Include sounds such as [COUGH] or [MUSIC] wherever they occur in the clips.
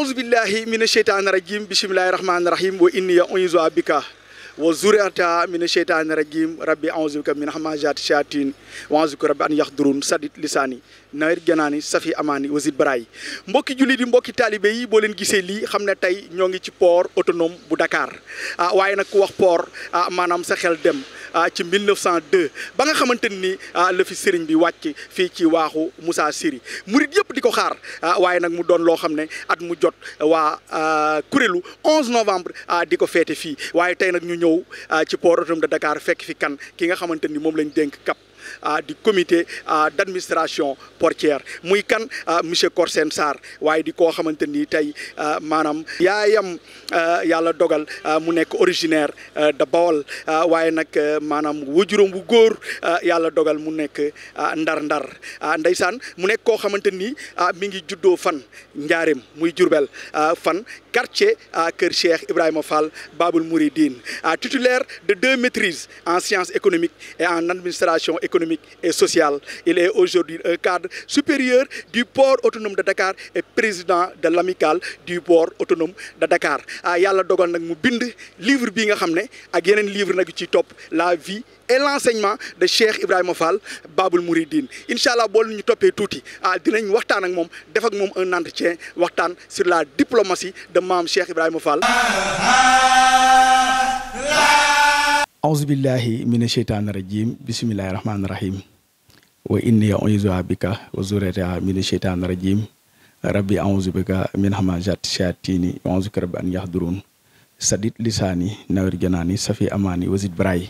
aouzu billahi mina sheytaani rajim bisimilahi rahmaani rahim wa inni u'iizuha bika wa zurriyyataha mina sheytaani rajim rabbi aouzu bika min hamazaati shayaatiin wa aouzu bika rabbi an yahdurun saddid lisaani nawet ganaani safi amaani wasid baraay mbokki jullit yi mbokki taalibe yi boo leen gisee lii xam ne tey ñoo ngi ci port autonome bu Dakar ah waaye nag ku wax port ah maanaam sa xel dem Ah, ci 1902 ba nga xamante ni ah, la fi sëriñ bi wàcc fii ci waaxu Moussa Siri murit yëpp di ko xaar ah, waaye nag mu doon loo xam ne at mu jot waa kuréelu 11 novembre di ko feete fii waaye tey nag ñu ñëw ci port autonome de Dakar fekk fi kan ki nga xamante ni moom lañ dénk cap du comité d' administration portière muy kan monsieur Corsène Sarr waaye di koo xamante ni tey maanaam yaayam yàlla dogal mu nekk originaire de Bawol waaye nag maanaam wajuróom bu góor yàlla dogal mu nekk ndar-ndar ndeysaan mu nekk koo xamante ni mi ngi juddoo fan njaareem muy Jurbel fan quartier Kër Cheikh Ibrahima Fall Babul Mouridine titulaire de deux maîtrises en sciences économiques et en administration économique et social. Il est aujourd'hui un cadre supérieur du port autonome de Dakar et président de l'amicale du port autonome de Dakar Il Dogon nak livre bi nga livre la vie et l'enseignement de Cheikh Ibrahim Fall Babul Mouridine Inshallah, sommes tous ñu topé touti ah dinañ waxtaan ak mom def un entretien sur la diplomatie de Mam Cheikh aousubillahi mina sheytaani rajim bisimillahi rahmaani rahim wa inni uizuha bika wa zurriyyataha mina sheytaani rajim rabbi aussi bika min hamazaati shayaatini wa aousu bika rabbi an yahdurun sadit lisaani nawir janaani safi amaani wasit baraay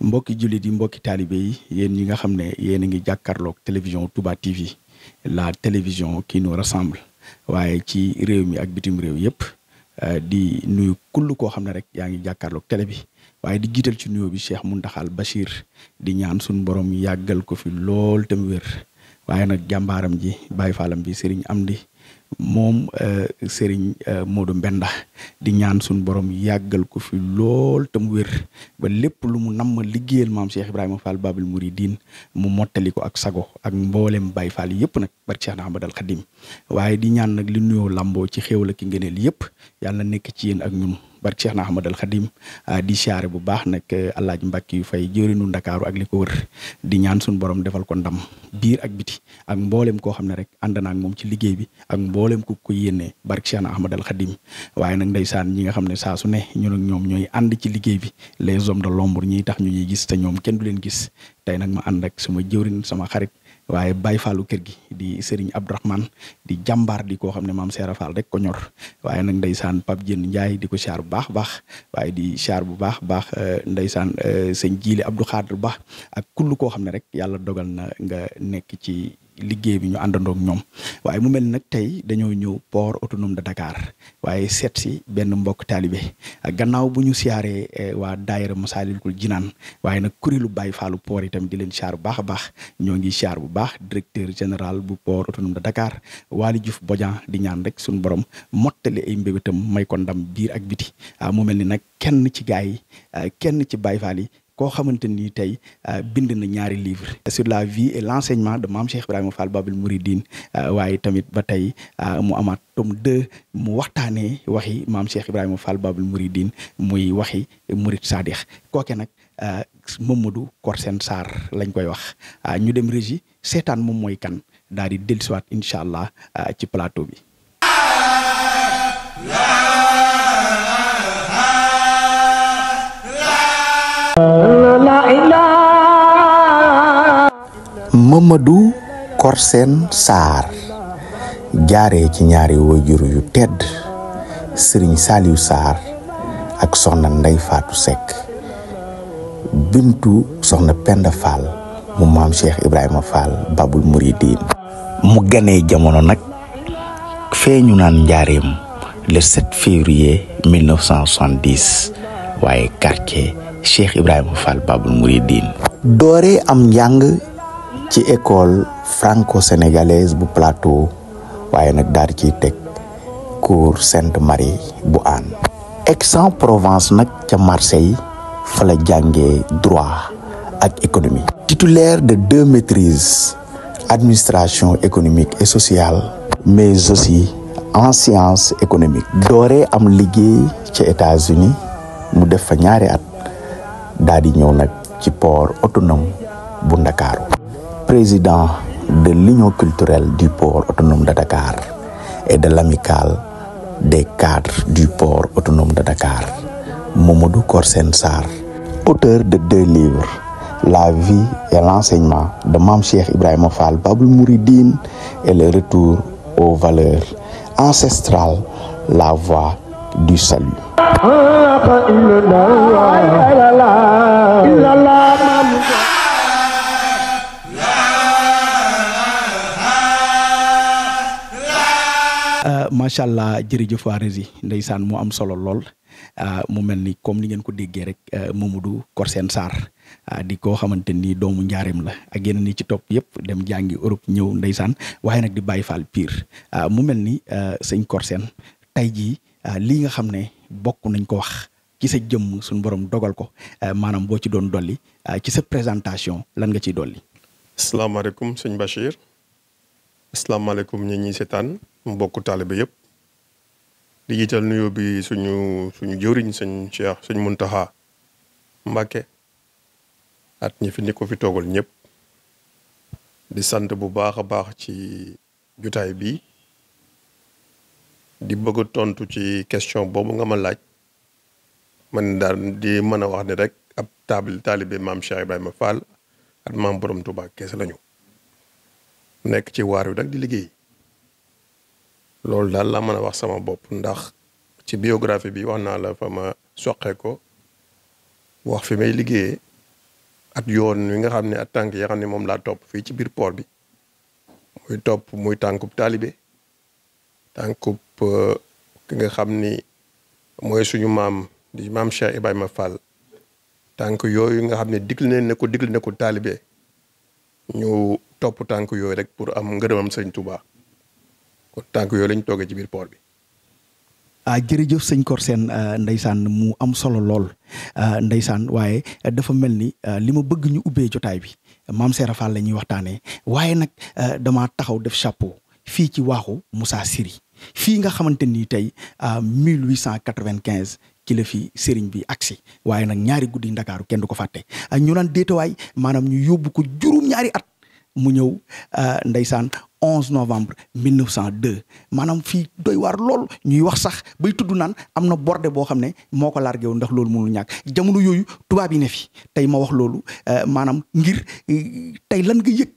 mbokki jullit yi mbokki taalibe yi yéen ñi nga xam ne yéen a ngi jàkkarlook télévision Touba TV la télévision qui nous rassemble waaye ci réew mi ak bitim réew yëpp di nuyu kull koo xam ne rek yaa ngi jàkkaarloog télé bi waaye di jiital ci nuyoo bi Cheikh Muntaxal Bachir di ñaan suñu borom yàggal ko fi lool te mu wér waaye nag jàmbaaram ji Baye Fallam bi Serigne Amdi moom euh, Serigne euh, Modou Mbenda di ñaan suñu borom yàggal ko fi lool te mu wér ba lépp lu mu namm liggéeyal maam Cheikh Ibrahima Fall Babul Mouridine mu mottali ko ak sago ak mboolem Baye Fall yëpp nag barke Cheikh ba al Khadim waaye di ñaan nag li nuyoo lamboo ci xew ak ki ngëneel yëpp yàlla nekk ci yéen ak ñun. barke Cheikh na Ahmadal Khadim ah, di siyaare bu baax nag eh, allaaj Mbàkke yu fay jëriñu Ndakaaru ak li ko wër di ñaan suñu borom defal ko ndam biir ak biti ak mboolem koo xam ne rek ànd naa ak moom ci liggéey bi ak mboolem ku ko yéenee barke Cheikh na Ahmadal Khadim waaye nag ndeysaan ñi nga xam ne saa su ne ñun ñoom ñooy ànd ci liggéey bi les hommes de l'ombre ñiy tax ñu ñuy gis te ñoom kenn du leen gis tey nag ma ànd ak sama jëwrin sama xarit waaye Baye Fallu kër gi di Serigne Abdourahman di jàmbaar di koo xam ne maam Seera fal rek ko ñor waye nag ndeysaan Pape Dieng Ndiaye di ko char bu baax baax waaye di char bu baax baax euh, ndeysaan euh, sëñ Jiile Abdou Xaadir Ba ak kull koo xam ne rek yàlla dogal na nga nekk ci. liggéey bi ñu àndandook ñoom waaye mu mel nag tey dañoo ñëw port autonom de dakaar waaye seet si benn mbokk taalibe gannaaw bu ñu siyaaree eh, waa daayira Masaalikul Jinaan waaye nag kuréelu Baay Faalu port itam di leen siyaar bu baax a baax ñoo ngi siyaar bu baax directeur général bu port autonome de Dakar Waly Diouf Bodian di ñaan rek suñu borom mottali ay mbébétam may ko ndam biir ak biti ah, mu mel ni nag kenn ci gaay yi eh, kenn ci Baay Faal yi koo xamante ni tey euh, bind na ñaari livre sur la vie et l'enseignement de Mame Cheikh Ibrahima Fall Babil Mouridine euh, waaye tamit ba tey euh, mu amaat tome deux mu waxtaanee waxi Mame Cheikh Ibrahima Fall Babil Mouridine muy waxi Murid Sadikh kooke nag Mamadou Korsen Sarr lañ koy wax ñu dem régie seetaan moom mooy kan daal di dellusiwaat incha allah ci plateau bi. mëmadu Korseen Sarr jaaree ci ñaari wajur yu tedd Serigne Saliou saar ak soxna Ndey Fatou Seck bintu soxna Penda Fall mu maam Cheikh Ibrahima Fall Babul Mouridine mu ganee jamono nag feeñu naan njaareem le 7 février 1970 waaye quartier Cheikh Ibrahima Fall Babul Mouridine dooree am njàng ci école franco-sénégalaise bu plateau waaye nag daal ci teg cours Sainte-Marie bu Hann aix en nag ca Marseille fa la jàngee droit ak économie titulaire de deux maîtrises administration économique et sociale mais aussi en sciences économiques dooree am liggéey ca États-Unis mu def fa ñaari at d'Adignonek du port autonome bu Dakar. président de l'union culturelle du port autonome de Dakar et de l'amicale des cadres du port autonome de Dakar Momodou Korsensar, auteur de deux livres La vie et l'enseignement de Mam Cheikh Ibrahima Fall Babul Mouridine et le retour aux valeurs ancestrales la voie du salut. macha jiri jërëjëf waa Rési ndeysaan mu am solo lol eh, mu mel ni comme ni ngeen ko déggee rek eh, Mamadou Corsene Sarr eh, di koo xamante ni doomu njaareem la ak yeneen ni ci topp yëpp dem jangi Europe ñëw ndeysaan waaye nag di bàyyi pire mu mel ni sëñ Corsene tey Euh, lii nga xam ne bokk nañ ko wax ci sa jëmm suñu borom dogal ko euh, maanaam boo ci doon dolli euh, ci sa présentation lan nga ciy dolli. asalaamaaleykum suñ Bachir asalaamaaleykum ñi ñuy seetaan mbokku taalibe yëpp di jiital nuyoo bi suñu suñu jëwriñ sëñ Cheikh sëñ Muntaxa Mbàkke at ñi fi ni ko fi toogal ñëpp di sant bu baax a baax ci jutaay bi di bëgg tontu ci question boobu nga ma laaj man daal di mën a wax ni rek ab taabal taalibe maam Cheikh Ibrahima Fall ak maam borom Touba kees lañu nekk ci waar wi nag di liggéey loolu daal la mën a wax sama bopp ndax ci biographie bi wax naa la fa ma soqee ko wax fi may liggéeyee ak yoon wi nga xam ne ak tànk yi nga xam ne moom laa topp fii ci biir port bi muy topp muy tànkub taalibe tànkub euh, nga xam ni mooy suñu maam di maam Cheikh Ibrahima Fall tànk yooyu nga xam ne digl ne ko digl ne ko taalibe ñu topp tànk yooyu rek pour am ngërëmam sëñ Touba kon tànk yooyu lañ toogee ci biir port bi ah jërëjëf sëñ Cor Sène euh, ndeysaan mu am solo lool euh, ndeysaan waaye dafa mel ni li ma bëgg ñu ubbee jotaay bi maam Serap Fall la ñuy waxtaanee waaye nag dama taxaw def chapeau fii ci waaxu Moussa Siri fii nga xamante ni tey à euh, 1895 ci la fi sëriñ bi agsi waaye nag ñaari guddi ndakaaru kenn du ko fàtte euh, ñu naan déetawaay maanaam ñu yóbbu ko juróom-ñaari at mu ñëw euh, ndeysaan 11 novembre 1902 maanaam fii doy waar lool ñuy wax sax bay tudd naan am na borde boo xam ne moo ko largué ndax loolu mënul ñàkk jamono yooyu tubaab yi ne fi tey ma wax loolu maanaam ngir tey lan nga yëg.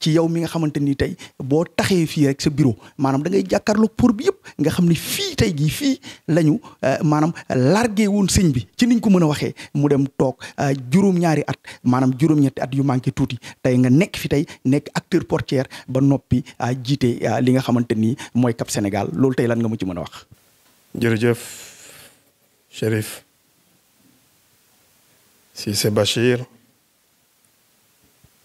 ci yow mi nga xamante ni tey boo taxee fii rek sa bureau maanaam da ngay jàkkaarloog pour bi yëpp nga xam ni fii tey jii fii lañu euh, maanaam largué woon sëñ bi ci niñ ko mën a waxee mu dem toog euh, juróom-ñaari at maanaam juróom-ñetti at yu manqué tuuti tey nga nekk fi tey nekk acteur portière ba noppi euh, jiite li nga xamante ni mooy Cap Sénégal loolu tey lan nga mu ci mën a wax. jërëjëf Chérif Cissé Bachir.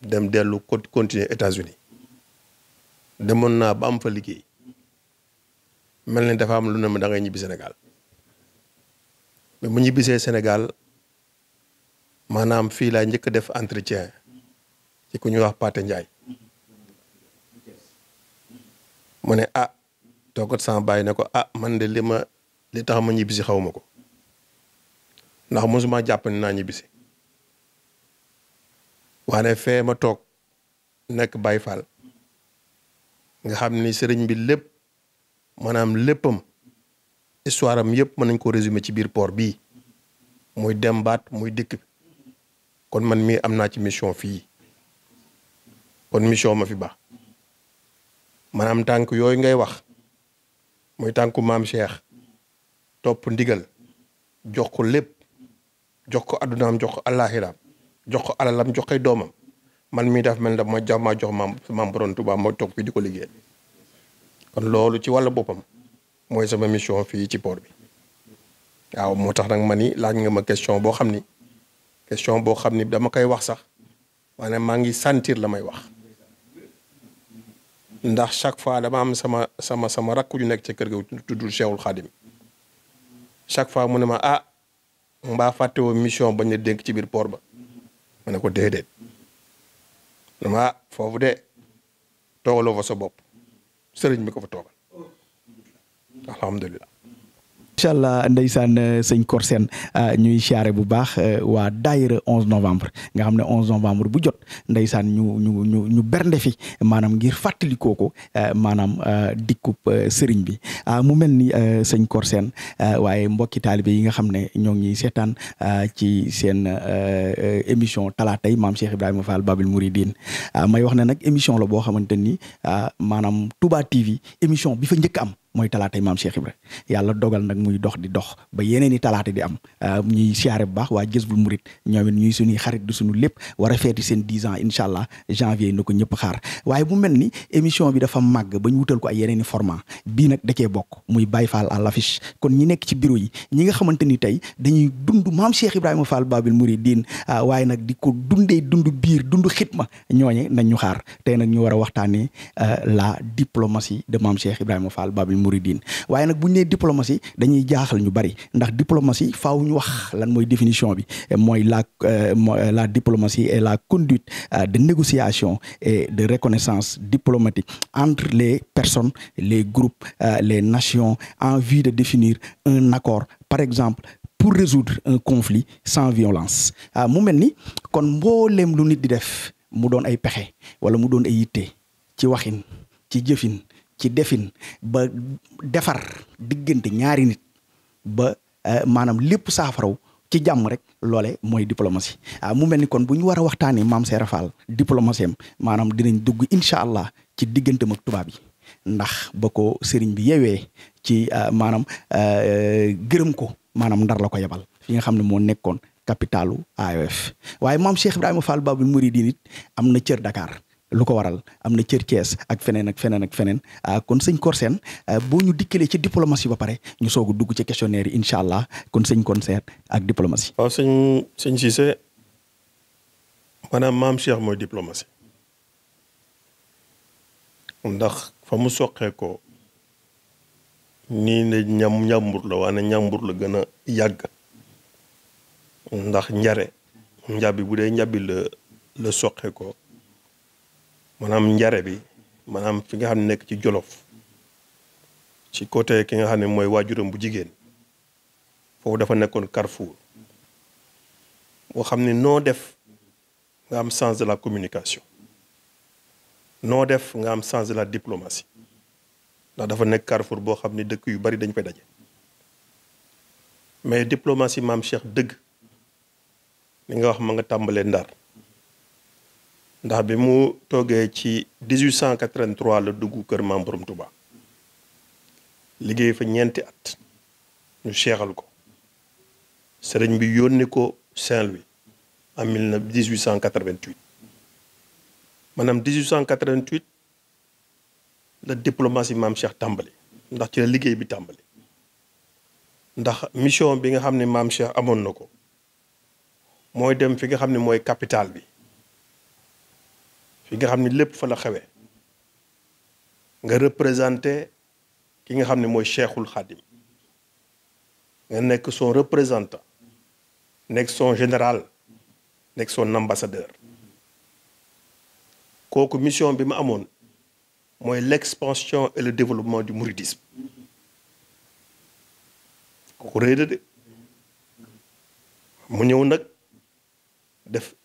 dem dellu continuer États-Unis demoon naa ba fa liggéey mel ni dafa am lu ne ma da ñibbi Sénégal mais ñibbisee Sénégal maanaam fii laa njëkk def entretien ci ku ñuy wax Pathé Ndiaye mu ne ah toogat sama bàyyi ne ko ah man de li ma li tax ma ñibbisi xaw ma ko ndax mosuma jàpp ne naa ñibbisi waane fee ma toog nekk Baay Faal nga xam ni sëriñ bi lépp maanaam léppam histoire am yëpp mën nañ ko résumer ci biir port bi muy dem baat muy dikk kon man mii am naa ci mission fii kon mission ma fi baax maanaam tànk yooyu ngay wax muy tànku maam Cheikh topp ndigal jox ko lépp jox ko am jox ko àllaaxiraam jox ko alalam jox koy doomam man mi daf mel ne ma jox ma jox maam maam borom Tuubaa ma toog fii di ko kon lolu ci wala bopam moy sama mission fi ci port bi waaw motax nak mani laaj nga ma question bo xamni question bo xamni dama koy wax sax wala ma ngi sentir la may wax ndax chaque fois dama am sama sama sama rakku ñu nek ci kër ga tuddul Cheikhul Khadim chaque fois mu ne ma ah mba fàttewoo mission bañ la dénk ci bir port ba ma ne ko déedéet dama ah, foofu de toogaloo fa sa bopp sëriñ bi ko fa toogal alhamdulilah incha allah ndeysaan euh, sëñ Kor Sène euh, ñuy siyaare bu baax euh, waa daayira onze novembre nga xam ne 11 novembre bu jot ndeysaan ñu ñu ñu ñu bernde fi maanaam ngir fàttali kooko maanaam dikku sëriñ bi ah, mu mel ni sëñ Kor Sène waaye mbokki taalibe yi nga xam ne ñoo ngi seetaan ci seen émission talaatay maam Cheikh Ibrahima Fall Babil Mouridine ah, may wax ne nag émission la boo xamante ni ah, maanaam Touba TV émission bi fa njëkk am. mooy talaate maam Cheikh Ibra yàlla dogal nag muy dox di dox ba yeneen i talaata di am euh, ñuy siyaare bu baax waa Jazbul Murid ñoom it ñuy suñuy xarit di suñu lépp war a feeti seen dix ans incha allah janvier na ko ñëpp xaar waaye bu mel ni émission bi dafa màgg ba wutal ko ay yeneen i format bii nag da bokk muy Baye Fall à l'affiche kon ñi nekk ci bureau yi ñi nga xamante ni tey dañuy dund maam Cheikh Ibrahima baabil Babil diin euh, waaye nag di ko dundee dund biir dund xitma ñooñe nañ ñu xaar tey nag ñu war a waxtaanee euh, la diplomatie de maam Cheikh Ibrahima Fall Babil mouridine waye nak buñ ñu diplomatie dañuy jaaxal ñu bari ndax diplomatie faaw ñu wax lan moy définition bi moy la euh, euh, la diplomatie est la conduite euh, de négociation et de reconnaissance diplomatique entre les personnes les groupes les nations en vue de définir un accord par exemple pour résoudre un conflit sans violence ah, mu melni kon mbooleem lu nit di def mu don ay pexé wala mu don ay yité ci waxine ci ci defin ba defar digënté ñaari nit ba eh, manam lepp safaro ci jamm rek lolé moy diplomatie ah, mu melni kon buñu wara waxtani mam sey rafal diplomatie manam dinañ dugg inshallah allah ci digënté mak tuba bi ndax bako serigne bi yewé ci eh, manam eh, gërem ko manam ndar la ko yebal fi nga xam mo nekkon capitalu AOF e waye mam Cheikh Ibrahima Fall Babul mouride nit am cieur Dakar. lu ko waral am na cër Thiès ak feneen ak feneen ak feneen ah, kon sëñ Kor Sène ah, boo ñu dikkalee ci diplomatie ba pare ñu soog a dugg ci questionnaire yi incha allah kon sëñ kon Sène ak diplomatie. waaw sëñ sëñ Cissé maanaam maam Cheikh mooy diplomatie ndax fa mu soqee ko nii ne ñam ñàmbur la waane ñàmbur la gën a yàgg ndax njare njabi bu dee njabi la la soqee ko maanaam njare bi maanaam fi nga xam nekk ci jolof ci côté ki nga xam ne mooy waajuram bu jigéen foofu dafa nekkoon Carrefour boo xam ne noo def nga am sens de la communication noo def nga am sens de la diplomatie ndax dafa nekk Carrefour boo xam ne dëkk yu bari dañ fay daje mais diplomatie maam Cheikh dëgg li nga wax ma nga tàmbalee ndar ndax bi mu toogee ci 1883 la dugg kër Maam Borom Touba liggéey fa ñeenti at ñu seexal ko sëriñ bi yónni ko Saint-Louis en 1888 maanaam 1888 la diplomatie Maam Cheikh tàmbali ndax ci la liggéey bi tàmbali ndax mission bi nga xam ne Maam Cheikh amoon na ko mooy dem fi nga xam ne mooy capital bi fi nga que ni fa la nga représenté ki son représentant son général son ambassadeur la mission que l'expansion et le développement du mouridisme kooku de mu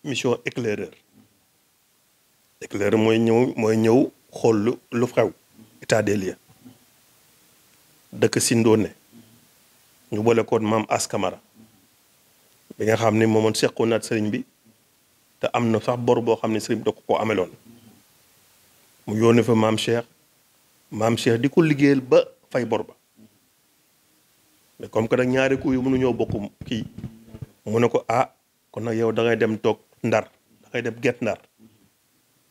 mission éclaireur éclaireur mooy ñëw mooy ñëw xool lu xew état des lieux dëkk Sindone ñu boole koon maam askamara ba nga xam ne moomoon seqoon naat sëriñ bi te am na sax bor boo xam ne sëriñ bi da ko ko ameloon mu yónnee fa maam Cheikh maam Cheikh di ko liggéeyal ba fay bor ba mais comme que nag ñaari ku yu mënu ñoo bokkum kii mu ne ko ah kon nag yow da ngay dem toog ndar da ngay dem get ndar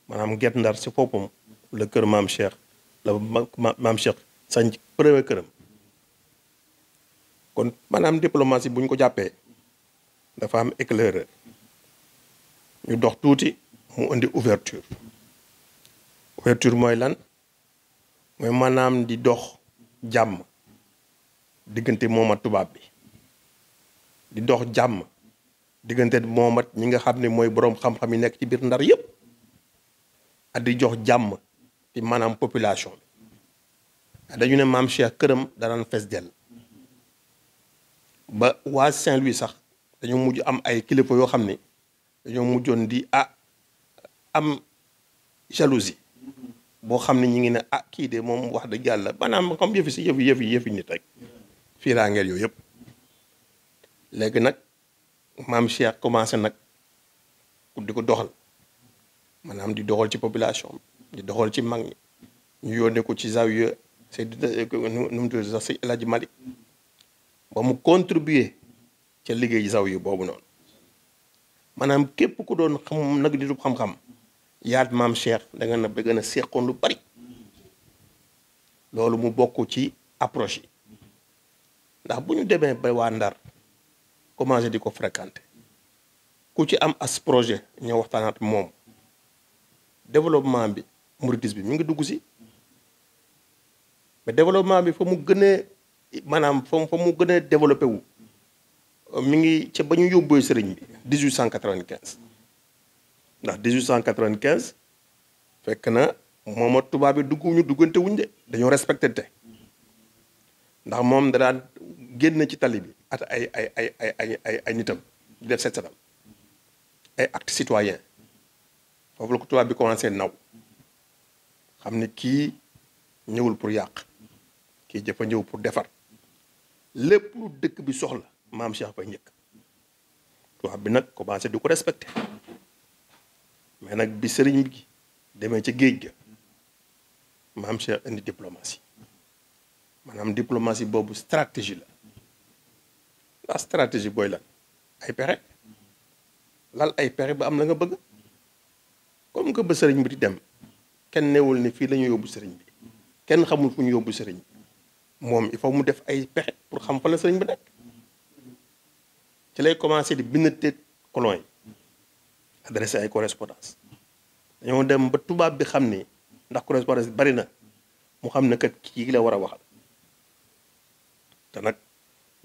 manam Guet Ndar ci boppam le kër maam Cheikh la maam Cheikh sañ premier këram kon manam diplomatie buñ ko jappé dafa am éclaireur ñu dox touti mu andi ouverture ouverture moy lan moy manam di dox jam digënté moom ak bi di dox jam digënté moom ñi nga xamné moy borom xam-xam yi nek ci bir ndar yépp ak di jox jàmm ci maanaam population bi ne maam Cheikh këram danaan fees dell ba waa Saint-Louis sax dañu mujj am ay kilifa yoo xam ne dañoo mujjoon di ah am jalousie boo xam ne ñu ngi ne ah kii de moom wax dëgg yàlla maanaam comme yëfi si yëfi yëfi yëfi nit rek fiiraangeel yooyu yëpp léegi nag maam Cheikh commencé nag di ko doxal maanaam di doxal ci population di doxal ci mag ñi ñu yónnee ko ci zawiya say nu mu tudd sax si El Hadj Malick ba mu contribuer ca liggéey zawiya boobu noonu maanaam képp ku doon xam nag nitub xam-xam yaat maam cher da nga na da gën a seqoon lu bari loolu mu bokk ci approche ndax bu ñu demee ba waa Ndar commencé di ko fréquenter ku ci am as projet ñoo waxtaanaat moom développement bi mouridisme bi mi ngi dugg si mais développement bi fa mu gën a maanaam fa mu gën a développé wu euh, mi ngi ca ba ñu yóbboo sëriñ bi 1895 ndax quinze fekk na moom ak tubaab bi dugg ñu duggante de dañoo respecté te ndax moom da daan génn ci tali bi at ay ay ay ay ay ay nitam di def set setal ay acte citoyen foofu la ko tubaab bi commencé naw xam ni kii ñëwul pour yàq kii jëfa ñëw pour defar lépp lu dëkk bi soxla maam Cheikh fay njëkk tubaab bi nak commencé di ko respecté mais nag bi sëriñ bi demee ci géej ga maam Cheikh indi diplomatie maanaam diplomatie boobu stratégie la la stratégie booy lan ay lal ay pexe ba am la nga bëgg comme que ba sëriñ bi di dem kenn newul ne fii la yóbbu sëriñ bi kenn xamul fu ñu yóbbu sëriñ bi moom il faut mu def ay pexe pour xam fa la sëriñ bi nekk ci lay commencé di bind te colon yi adressé ay correspondance dañoo dem ba tubaab bi xam ni ndax correspondance bari na mu xam ne kat kii la war a waxal te nag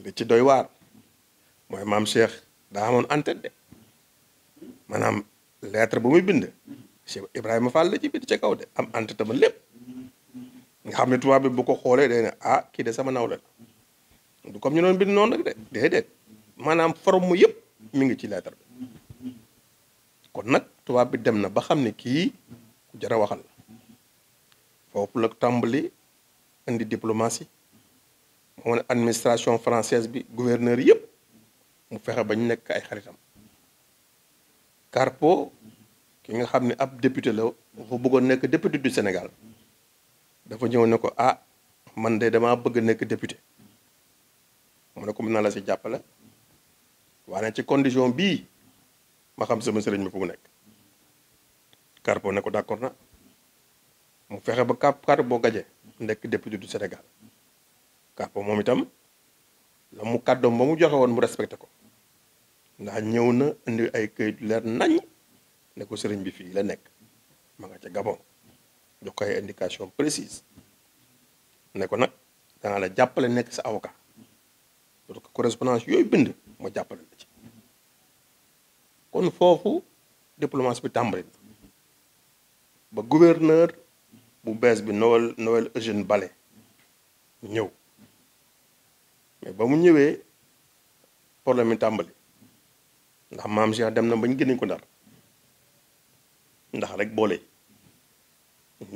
li ci doy waar mooy maam Cheikh daa amoon entête de maanaam lettre bu muy bind Cheikh Ibrahima Fall la ci bind ca kaw de am entretien lépp nga xam ne tubaab bi bu ko xoolee day ne ah kii de sama nawle du comme ñu doon bind noonu rek de déedéet maanaam forme yëpp mi ngi ci lettre bi kon nag tubaab bi dem na ba xam ne kii ku jar a waxal foofu la tàmbali indi diplomatie moo ne administration française bi gouverneur yëpp mu fexe ba ñu nekk ay xaritam. Carpo ki nga xam ne ab député la dafa bëggoon nekk député du Sénégal dafa ñëw ne ko ah man de damaa bëgg a nekk député mu ne ko mën naa la si jàppale waa waaye ci condition bii ma xam sama sëriñ ma fu mu nekk Carpo ne ko d'accord na mu fexe ba Carpo boo gaje nekk député du Sénégal Carpo moom itam la mu kàddoom ba mu joxe woon mu respecté ko ndax ñëw na indi ay këyit leer nañ ne ko bi fii la nekk ma nga ca Gabon jox ko ay indication précise ne ko nag danaa la jàppale nekk sa avocat parce que correspondance yooyu bind ma jàppale la ci kon foofu diplomatie bi tàmbali ba gouverneur bu bees bi Noël Noël Eugène Bale ñëw mais ba mu ñëwee problème yi tàmbali ndax maam Cheikh dem na ba ñu génne ko ndar ndax rek boole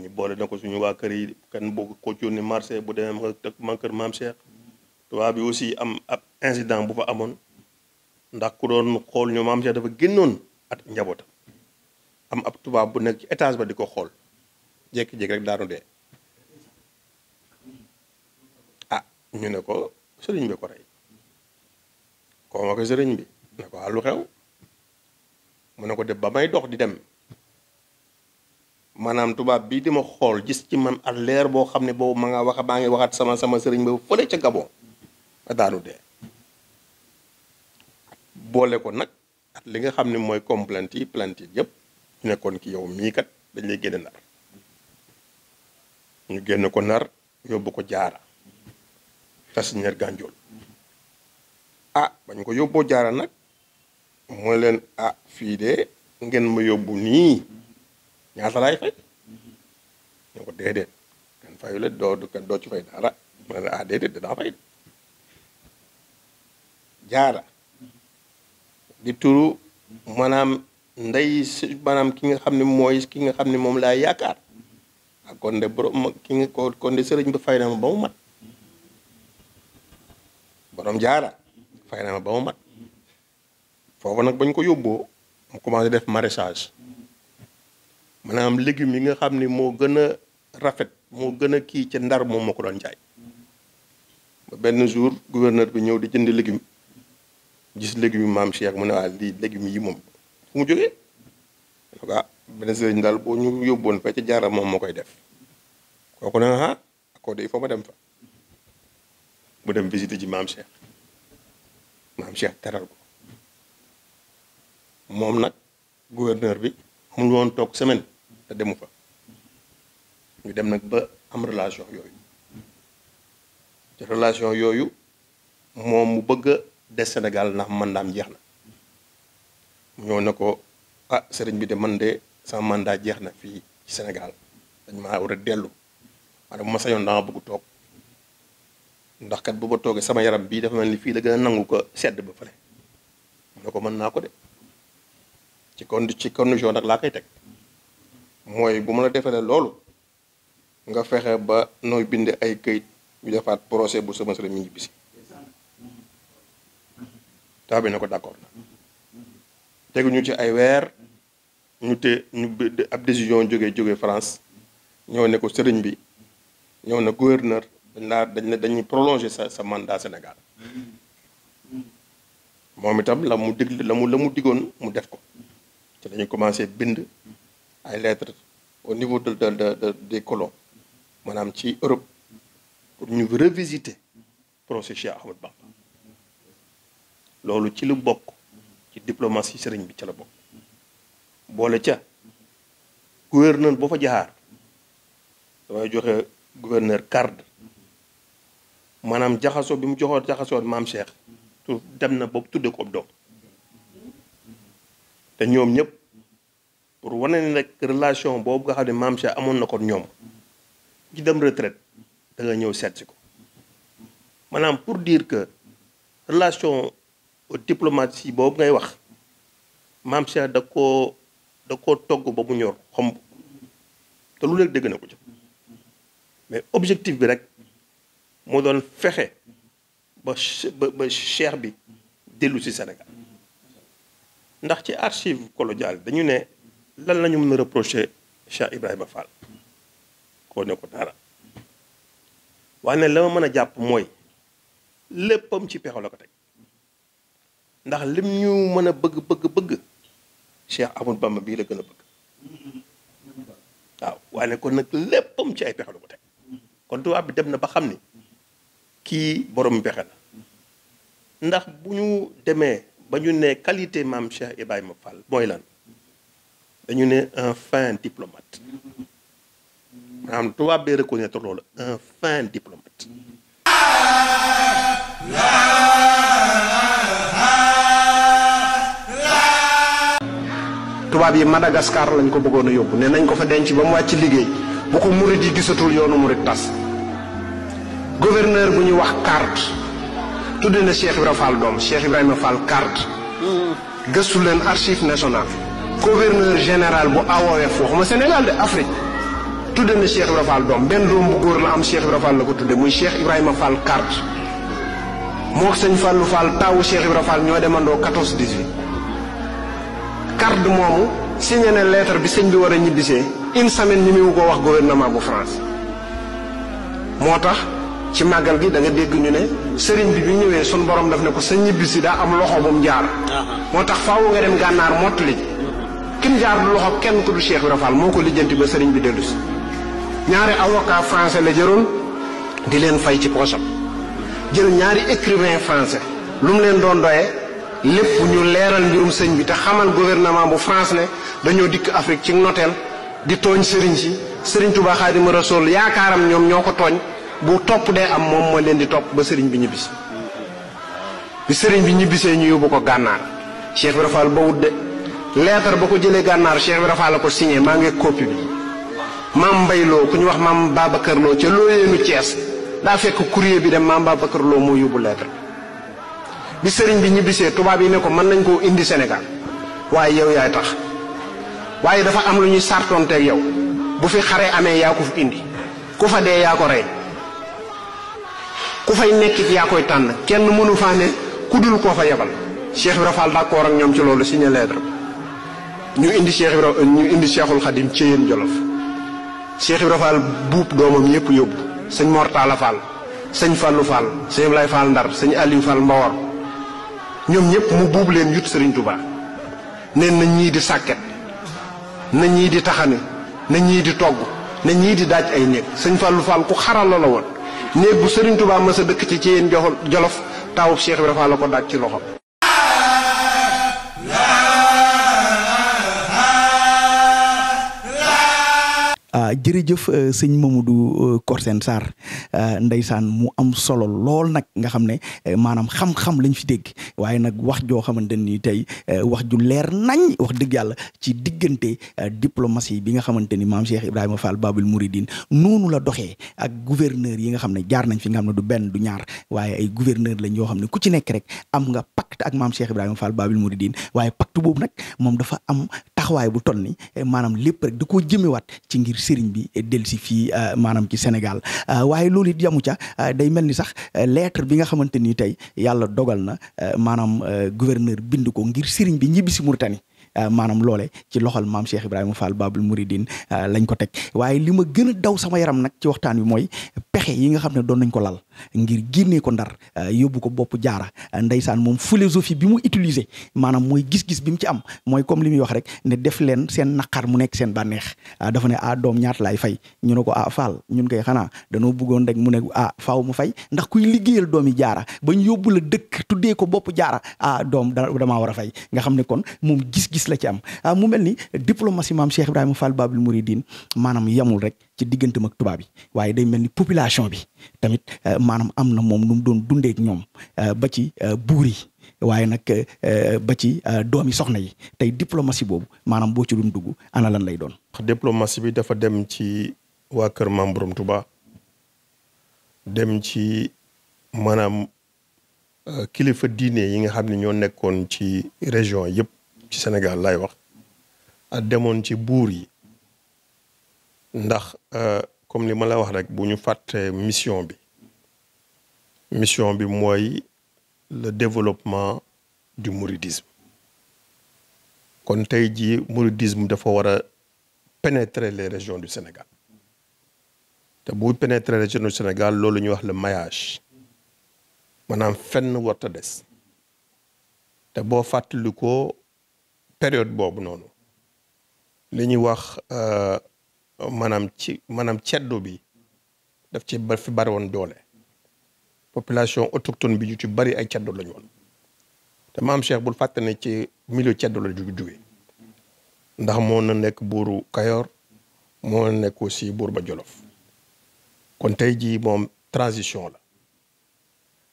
ñu boole na ko suñu waa kër yi kan boo ko yónni marché bu demee ma ma kër maam Cheikh tubaab bi aussi am ab incident bu fa amoon ndax ku doon xool ñu maam Cheikh dafa génnoon at njaboot am ab tubaab bu nekk ci étage ba di ko xool jékki-jékki rek daanu dee ah ñu ne ko sëriñ bi ko rey koo ma ko sëriñ bi. Ya, ne ko lu xew mu ne ko dox di dem manam tuba bi di ma xool gis ci man ak leer bo xamne bo ma nga waxa maa sama sama sering be fele ci gabo ma daanu dee boole ko nak at li nga xamne moy mooy plainte yi ki yow mi kat dañ lay gëna nar ñu gën ko nar yobbu ko jaara tas ñer ganjol ah bañ ko yobbo jaara nak. mooy leen ah fii de ngeen ma yóbbu nii ñaata laay fay ñu ko déedéet kenn fayu la doo doo ci fay dara ma leen ah déedéet danaa fay de jaara di turu maanaam ndey si ki nga xam ne mooy ki nga xam ni moom laa yaakaar ak kon de borom ki nga ko kon de sëriñ bi fay na ma ba mu mat borom jaara fay na ma ba mu mat foofu nag bañ ko yóbboo mu commencé def maraîchage maanaam légume yi nga xam ni moo gën a rafet moo gën a kii ca ndar moom moo ko doon jaay ba benn jour gouverneur bi ñëw di jënd légume gis légume maam Cheikh mu ne waa lii légumes yi moom fu mu jógee ah benn sëriñ daal boo ñu yóbboon fa ca jaaram moom moo koy def kooku ne ah koo de il ma dem fa mu dem visiter ji maam Cheikh maam Cheikh teral ko. moom nag gouverneur bi mu woon toog semaine te demu fa ñu dem nag ba am relation yooyu ci relation yooyu moom mu bëgg a des Sénégal ndax mandaam jeex na mu ñëw ne ko ah sëriñ bi de man de sama mandat jeex na fii ci Sénégal dañ ma war a dellu waaye bu ma sañoon dama bëgg toog ndax kat bu ba toogee sama yaram bii dafa mel ni fii la gën a nangu ko sedd ba fële mu ne ko mën naa ko de ci kon ci condition nag laa koy teg mooy bu ma la defalee loolu nga fexe ba nooy bind ay këyit ñu defaat projet bu semence la mi ngi bisi taa na ko d'accord na teguñu ci ay weer ñu te ñu ab décision jóge jóge France ñëw ne ko sëriñ bi ñëw na gouverneur dañ laa dañ ne dañuy prolonger sa sa mandat Sénégal moom itam la mu dig la mu la mu digoon mu def ko ci commencé bind ay lettres au niveau de de de des colons manam ci Europe pour ñu revisiter procès Cheikh Ahmad Bamba lolu ci lu bok, ci diplomatie serigne bi ci la bok. bolé ca gouverneur Bofa fa jaxaar damay joxe gouverneur card manam jaxasoo bimu mu joxoon jaxasoo Cheikh tu dem na bok tudde ko ab te ñoom ñëpp pour wane ne rek relation boobu nga xam ne maam Cheikh amoon na ko ñoom ci dem retraite da ñëw seet si ko maanaam pour diir que relation diplomatie boobu ngay wax maam Cheikh da koo da ko togg ba mu ñor xomb te lu nekk dégg na ko ci mais objectif bi rek moo doon fexe ba ba Cheikh bi dellu si Sénégal. ndax ci archive coloniale dañu ne lan la ñu mën a reprocher Cheikh Ibrahima Fall koo ne ko dara waaye ne la mën a jàpp mooy léppam ci pexe ko teg ndax lim ñu mën a bëgg bëgg bëgg Cheikh Ahmadou Bamba bii la gën a bëgg waaw waaye ne kon nag léppam ci ay pexe la ko teg kon tubaab bi dem na ba xam ni kii borom pexe la ndax bu ñu demee. ba ñu ne qualité maam Cheikh Ibrahima Fall mooy lan dañu ne un fin diplomate maanaam tubaab bee reconnaître yi Madagascar lañ ko bëggoon yóbbu ne nañ ko fa denc ba mu wàcc liggéey bu ko murit yi gisatul yoonu murit tas gouverneur bu ñu wax carte tudd na Cheikh Ibrahima Fall doom Cheikh Ibrahima Fall carte gëstu leen archive national gouverneur général bu AOF ma Sénégal de Afrique tudd na Cheikh Ibrahima Fall doom benn doom bu góor la am Cheikh Ibrahima Fall la ko tudde muy Cheikh Ibrahima Fall carte mook sëñ Fallou Fall taawu Cheikh Ibrahima Fall ñoo demandoo 14 18 carte moomu signé na lettre bi sëñ bi war a ñibbisee une semaine ñi mu ko wax gouvernement bu France moo tax ci màggal gi da nga dégg ñu ne sëriñ bi bi ñëwee suñu borom daf ne ko sa ñibbi si daa am loxo bu mu jaar. Uh-huh. moo tax faaw nga dem gànnaar mottali. kim jaar du loxo kenn ku du Cheikh Ibra Fall moo ko lijjanti ba sëriñ bi dellu si. ñaari avocat français la jëroon di leen fay ci poosam jël ñaari écrivain français lu mu leen doon doyee lépp ñu leeral mbirum sëñ bi te xamal gouvernement bu France ne dañoo dikk Afrique ci noteel di tooñ sëriñ si sëriñ Tuubaa Xaadimu Rasuul yaakaaram ñoom ñoo ko tooñ. bu top day am mom mo len di top ba serigne bi ñibisi bi serigne bi ñibise ñu yobu ko gànnaar Cheikh rafal ba wut de leetar ba ko Cheikh rafal la ko signé ma nge copie bi mam baylo ku ñu wax mam babakar Lo ci loo yéenu Thiès fekk courrier bi dem mam babakar Lo mo yobu lettre bi serigne bi ñibise tuba bi ne ko man nañ ko indi Senegal. Wa yow yaay tax waye dafa am lu ñuy ak yow bu fi xaré amé ya ko fi indi ku fa dé ya ko ku fay nekkit yaa koy tànn kenn mënu faa ne ku dul koo fa yebal cheikh ibra fall d'accord ak ñoom ci loolu signé lettre ñu indi cheikh ibra ñu indi cheikhul khadim ci yeen jolof cheikh ibra fall buub doomam yépp yóbbu sëñ mortala fall sëñ fallu fall sëñ lay fall ndar sëñ aliou fall mbawor ñoom ñépp mu buub leen yut sëriñ touba neen na ñii di sàkket na ñii di taxane na ñii di togg na ñii di daaj ay néeg sëñ fallu fall ku xaral la won néeg bu Serigne Touba mës sa dëkk ci ci yéen joxol Jolof taawub Cheikh bi Fall la ko daaj ci loxo ah jërëjëf ah, sëñ Mamadou ah, korsen sar ah, ndeysaan mu am solo lool nak nga xamne eh, manam xam-xam lañ fi dégg waye nak wax jo xamanteni tay eh, wax ju leer nañ wax deug yalla ci diggante eh, diplomatie bi nga xamanteni mam Cheikh Ibrahima Fall Babul Mouridine nonu la doxé ak gouverneur yi nga xamne ne jaar nañ fi nga xamne du ben du ñaar waye ay gouverneur lañ yo xamne ne ku ci nekk rek am nga pacte ak mam Cheikh Ibrahima Fall Babul Mouridine waye pacte bobu nak mom dafa am taxaway bu tonni manam lepp rek du ko jëmi wat ci ngir sëriñ bi dellusi fii euh, maanaam ci Sénégal euh, waaye loolu it yamu ca euh, day mel ni sax lettre bi nga xamante ni tey yàlla dogal na maanaam gouverneur bind ko ngir sëriñ bi ñibbi si Mauritanie maanaam loole ci loxol maam Cheikh Ibrahima Fall Babul Mouridine lañ ko teg waaye li ma gën a daw sama yaram nag ci waxtaan wi mooy pexe yi nga xam ne doon nañ ko lal ngir génnee ko ndar euh, yóbbu ko bopp jaara ndeysaan moom philosophie bi mu utiliser maanaam mooy gis-gis bi mu ci am mooy comme li muy wax rek ne def leen seen mu nekk seen bànneex euh, dafa ne ah doom ñaata laay fay ñu ne ko ah faal ñun koy xanaa danoo bëggoon rek mu ne ah faaw mu fay ndax kuy liggéeyal doomi jaara bañ yóbbu la dëkk tuddee ko bopp jaara ah doom damaa war a fay nga xam ne kon moom gis-gis la ci am ah, mu mel ni diplomatie maam Cheikh mu Fall Babil Mouridine maanaam yamul rek ci digganteem ak tubaab yi waaye day mel ni population bi tamit euh, maanaam am na moom nu doon dundeek ñoom euh, ba ci euh, buur yi waaye nag ba ci doomi soxna yi tey diplomatie boobu maanaam boo ci doon dugg ana lan lay doon. ndax diplomatie bi dafa dem ci waa kër maam Borom tubaa dem ci maanaam kilifa diine yi nga xam ne ñoo nekkoon ci région yëpp ci Sénégal lay wax a demoon ci buur yi. ndax euh, comme li ma la wax rek bu ñu mission bi mission bi mooy le développement du mouridisme kon tey dit mouridisme dafa war pénétrer les régions du Sénégal te bu pénétrer les régions du Sénégal loolu ñuy wax le maillage maanaam fenn warta des te boo le ko période boobu noonu li ñuy wax euh, maanaam ci maanaam ceddo bi daf ci ba fi bari woon doole population autochtone bi ñu ci bari ay ceddo lañu woon te maam Cheikh bul fàtte ci milieu ceddo la jugi ndax moo na nekk buuru Kayoor moo na nekk aussi buur ba Jolof kon tey jii moom transition la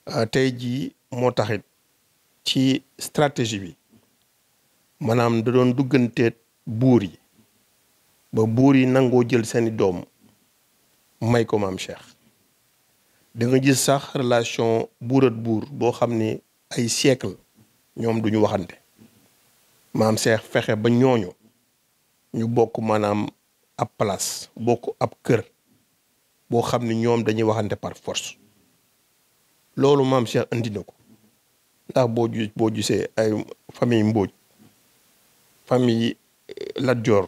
euh, tey jii moo taxit ci stratégie bi maanaam da doon dugganteet buur yi ba buur yi nangoo jël seeni doom may ko maam Cheikh da nga gis sax relation buur ak buur boo xam ni ay siècle ñoom duñu waxante maam Cheikh fexe ba ñooñu ñu bokk maanaam ab place bokk ab kër boo xam ne ñoom dañuy waxante par force loolu maam Cheikh indi na ko ndax boo ju boo gisee ay famille Mbóoj famille Lat Joor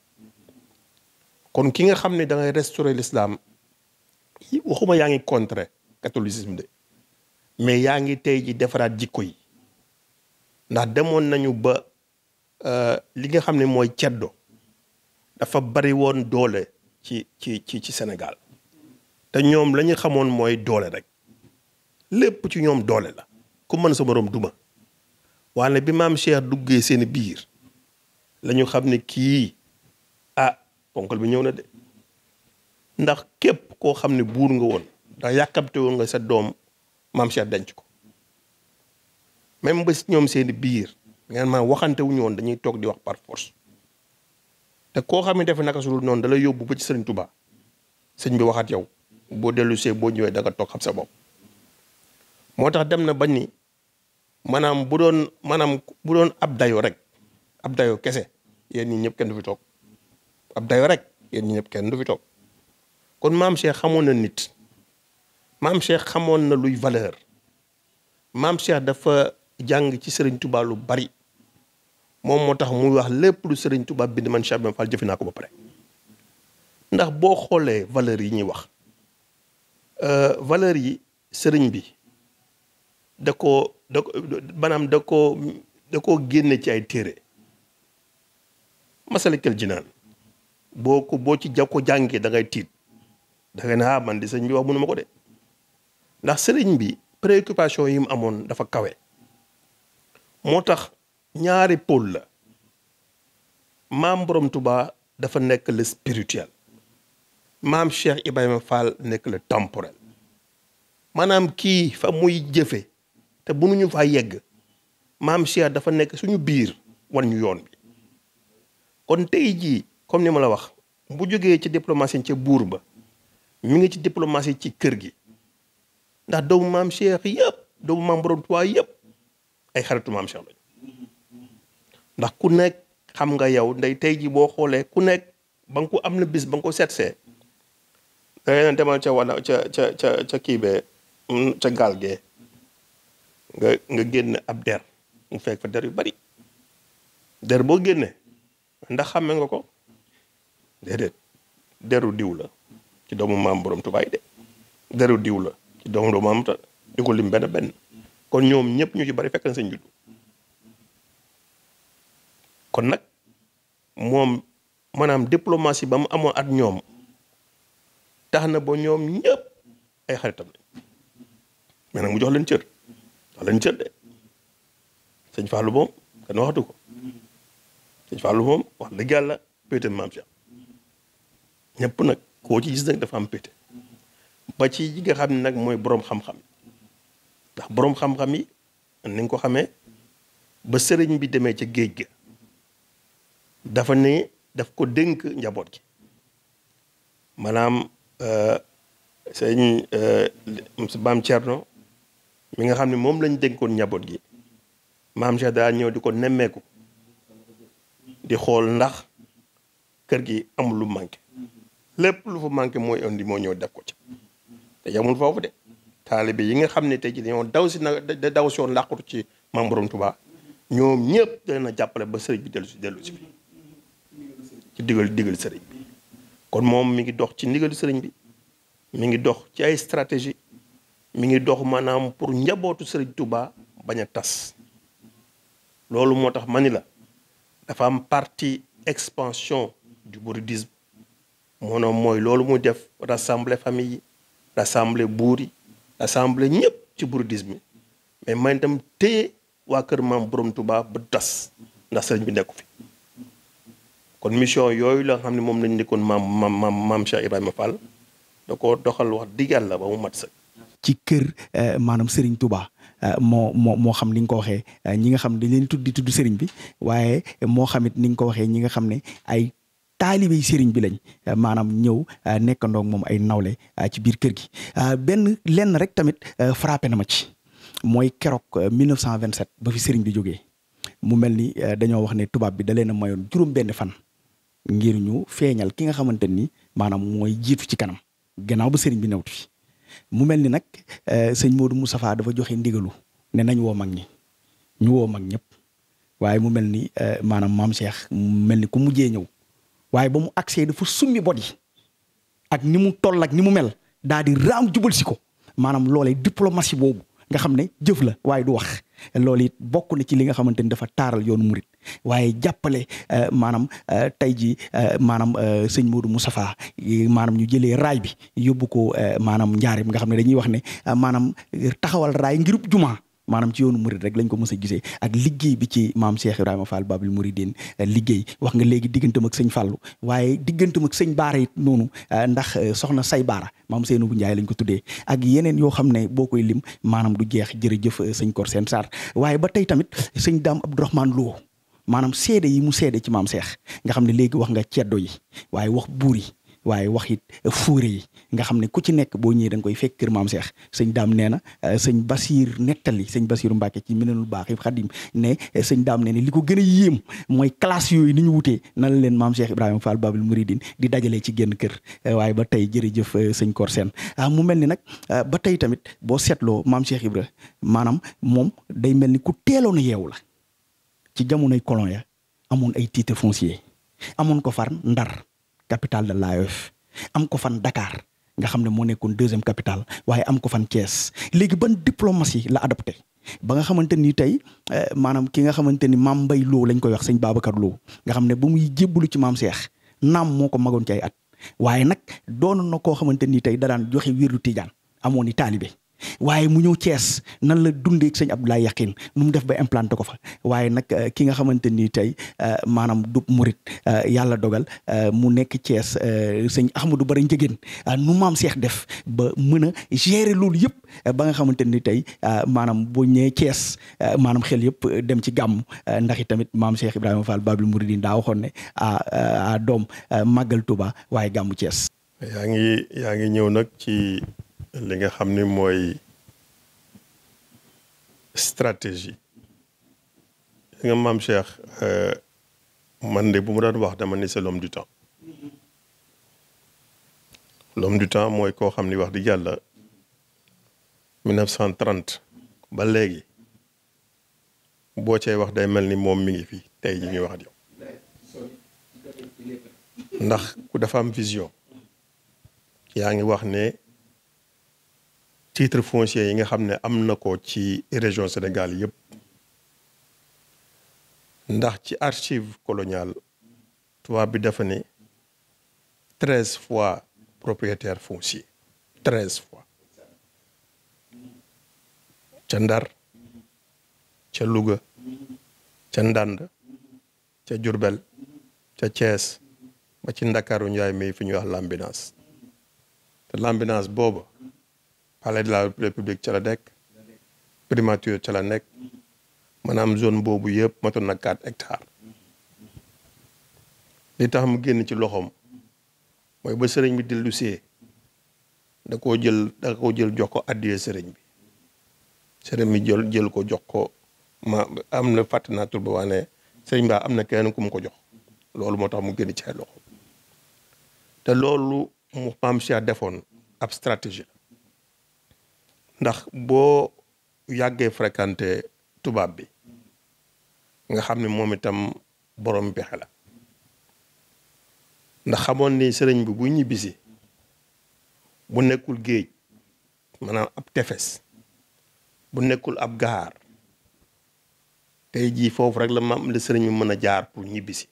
kon ki nga xam ne da ngay lislaam waxuma yaa ngi contre catholicisme de mais yaa ngi tey ji defaraat jikko yi ndax demoon nañu ba euh, li nga xam ni mooy ceddo dafa bari woon doole ci ci ci ci Sénégal te ñoom la xamoon mooy doole rek lépp ci ñoom doole la ku mën sa morom duma waane bi maam Cheikh duggee seeni biir la ñu xam ne kii ponkal bi ñëw na de ndax képp koo xam ne buur nga woon ndax yàkkamte woon nga sa doom maam Cheikh denc ko même ba ñoom seeni biir ngeen ma waxante wuñu woon dañuy toog di wax par te koo xam ne defe naka sulul noonu da yóbbu ba ci sëriñ Touba sëñ bi waxaat yow boo dellu see boo ñëwee da nga toog xam sa bopp moo tax dem na bañ ni maanaam bu doon maanaam bu doon ab dayo rek ab dayo kese yéen ñi ñëpp kenn du fi toog ab dayo rek yéen ñi ñëpp kenn du fi toog kon maam Cheikh xamoon na nit maam Cheikh xamoon na luy valeur maam Cheikh dafa jàng ci sëriñ Touba lu bari moom moo tax muy wax lépp lu Serigne tubaab bind man Cheikh Ibra Fall jëfe naa ko ba pare ndax boo xoolee valeur yi ñuy wax euh, valeur yi sëriñ bi da ko da ko maanaam da ko da koo génne ci ay téere masalikal jinaan boo ko boo ci ja ko jàngee da ngay tiit da na ne ah man di sëñ bi wax mënuma ko de ndax sëriñ bi préoccupation yi mu amoon dafa kawe moo tax ñaari pôle la maam borom Touba dafa nekk le spirituel maam Cheikh Ibrahima Fall nekk le temporel maanaam kii fa muy jëfe te mënuñu faa yegg maam Cheikh dafa nekk suñu biir wan ñu yoon bi kon tey jii comme ni ma la wax bu jógee ci diplomatie ca buur ba mi ngi ci diplomatie ci kër gi ndax doomu maam Cheikh yëpp doomu maam borom Tuubaa yëpp ay xaritu maam Cheikh lañ ndax ku nekk xam nga yow ndey tey ji boo xoolee ku nekk ba nga ko am na bis ba nga ko seetsee da ngay demal ca wana ca ca ca kii bee mm, ca gaal gee nga nga génn ab der mu fekk fa der yu bari der boo génne ndax xàmme nga ko déedéet deru diw la ci doomu maam borom tubaay de deru diw la ci doomu maam ta di ko lim benn benn kon ñoom ñëpp ñu ci bari fekk na seen juddu kon nag moom maanaam diplomatie ba mu amoon at ñoom tax na boo ñoom ñëpp ay xaritam lañ mais nag mu jox leen cër jox leen cër de sëñ Fallou moom kenn waxatu ko sëñ Fallou moom wax dëgg yàlla péetam maam Cheikh ñëpp nag koo ci gis nag dafa am pété ba ci yi nga xam ne nag mooy boroom xam-xam ndax boroom xam-xam yi ni nga ko xamee ba sëriñ bi demee ca géej ga dafa ne daf ko dénk njaboot gi maanaam euh, sëñ euh, Maam Cerno mi nga xam ne moom lañ dénkoon njaboot gi maam Cheikh daal ñëw di ko nemmeeku di xool ndax kër gi amul lu manqué lépp lu fa manqué mooy indi moo ñëw def ko ci te yamul foofu de taalibe yi nga xam ne tey jii dañoo daw si na daw si woon làqatu ci maam Borom Touba ñoom ñëpp dana jàppale ba sëriñ bi dellu si dellu si ci digal digal sëriñ bi kon moom mi ngi dox ci ndigalu sëriñ bi mi ngi dox ci ay stratégie mi ngi dox maanaam pour njabootu sëriñ Touba bañ a tas loolu moo tax ma ni la dafa am partie expansion du mouridisme mono moy lolou mu def rassembler famille rassembler bourri rassembler ñep ci bourdisme mais man tam téye wa kër mam borom Touba bu tass ndax bi nekk fi kon mission yoy la xamni mom ne moom mam mam mam maam maam maam Cheikh ibrahim Fall da ko doxal wax digal la ba mu mat sëkk. ci kër eh, manam Serigne Touba eh, mo mo mo xam ni nga ko eh, ñi nga xam dañ leen tuddi tuddu bi waaye mo xamit ni nga ko waxee ñi nga xamne ay. taalibey sëriñ bi lañ eh, maanaam ñëw eh, nekkandoog moom ay nawle eh, ci biir kër gi benn lenn rek tamit frappé na ma ci mooy keroog 1927 ba fi sëriñ bi jógee mu mel ni dañoo wax ne tubaab bi da leen a mayoon juróom benn fan ngir ñu feeñal ki nga xamante ni maanaam mooy jiitu ci kanam gannaaw ba sëriñ bi newtu fi mu mel ni nag sëñ Modou Moustapha dafa joxe ndigalu ne nañ woo mag ñi ñu woo mag ñëpp waaye mu mel ni maanaam maam Cheikh mel ni ku mujjee ñëw waaye ba mu agsee dafa summi bot yi ak ni mu toll ak ni mu mel daa di raam jubal si ko maanaam loolee diplomatie boobu nga xam ne jëf la waaye du wax loolu it bokk na ci li nga xamante ni dafa taaral yoonu murit waaye jàppale euh, maanaam euh, tey jii euh, maanaam sëñ Modou Moustapha maanaam ñu jëlee raay bi yóbbu ko maanaam njaarim nga xam ne dañuy wax ne maanaam taxawal raay ngirub jumaa maanaam ci yoonu murid rek lañ ko mës a gisee ak liggéey bi ci maam Cheikh Ibrahima Fall Babil Mouridine euh, liggéey wax nga léegi diggantam ak sëñ Fallu waaye diggante ak sëñ Baara it noonu euh, ndax euh, soxna say Baara maam Seynou bu Njaay lañ ko tuddee ak yeneen yoo xam ne boo koy lim maanaam du jeex jërëjëf sëñ Kor seen Sarr waaye ba tey tamit sëñ Daam Abdourahmane Lo maanaam seede yi mu seede ci maam Cheikh nga xam ne léegi wax nga ceddo yi waaye wax buur yi waaye wax it fuure yi nga xam ne ku ci nekk boo ñëwee da koy fekk kër maam Cheikh sëñ daam nee na euh, sëñ Basir nettali sëñ Basiru Mbàkke ci Minanul Baaxi Xadim ne euh, sëñ daam nee na li ko gën a yéem mooy classe yooyu ni ñu wutee nan leen maam Cheikh Ibrahima Fall Babul Mouridine di dajalee ci génn kër euh, waaye ba tey jërëjëf sëñ Kor Sène ah mu mel ni nag ba tey tamit boo seetloo maam Cheikh Ibra maanaam moom day mel ni ku teeloon yeewu la ci jamonoy kolon ya amoon ay titre foncier amoon ko far ndar capitale de l'AOF am ko fan dakaar nga xam ne moo nekkoon deuxième capitale waaye am ko fan Thiès léegi ban diplomatie la adopté ba nga xamante ni tey eh, maanaam ki nga xamante ni maam Mbay Lo lañ koy wax sëñ Babacar Lo nga xam ne ba muy jébbalu ci maam Cheikh naam moo ko magoon cay at waaye nag doon na koo xamante ni tey da daan joxe wérdu Tijaan amoon i taalibe waaye mu ñëw Cees nan la dundee sëñ Abdoulaye Yakhine nu mu def ba implanté ko fa waaye nag euh, ki nga xamante ni tey euh, maanaam du murit euh, yàlla dogal mu nekk Cees sëñ Ahmadou Bara Ndiéguène nu maam Seex def ba mën a gérer loolu yëpp ba nga xamante ni tey maanaam boo ñëwee Cees maanaam xel yëpp dem ci gàmm ndax i tamit maam Cheikh Ibrahima Fall Babul Mouridine daa waxoon ne a doom màggal Touba waaye gàmmu Cees yaa ngi yaa ngi ñëw nag ci li nga xam ne mooy stratégie nga maam Cheikh euh, man de bu mu daan wax dama ni c'est l'homme du temps l'homme du temps mooy koo xam ni wax di yàlla 1930 ba léegi boo cee wax day mel ni moom mi ngi fi tey ji ñuy wax ak yow ndax ku dafa am vision yaa ngi wax ne titre foncier yi nga xam ne am na ko ci région Sénégal yëpp ndax ci archive coloniale tubaab bi dafa ne treize fois propriétaire foncier treize fois ca Ndar ca Louga ca Ndand ca Jurbel ca Thiès ba ci Ndakaaru Njaay mi fi ñuy wax Lambinaas te booba palais de la république ca la nekk primature ca la nekk maanaam zone boobu yëpp matoon na quatre hectares li tax mu génn ci loxoom mooy ba sëriñ bi dellu see da koo jël da koo jël jox ko addiyee sëriñ bi sëriñ bi jël jël ko jox ko ma am na fàtt naa tur ba ne sëriñ baa am na keneen ku mu ko jox loolu moo tax mu génn ci ay loxoom te loolu mu maam Cheikh defoon ab stratégie ndax boo yàggee fréquenté tubaab bi nga xam ne moom itam borom pexe la ndax xamoon ni sëriñ bi bu ñibbisi bu nekkul géej maanaam ab tefes bu nekkul ab gaar tey jii foofu rek la maam la sëriñ bi mën a jaar pour ñibbisi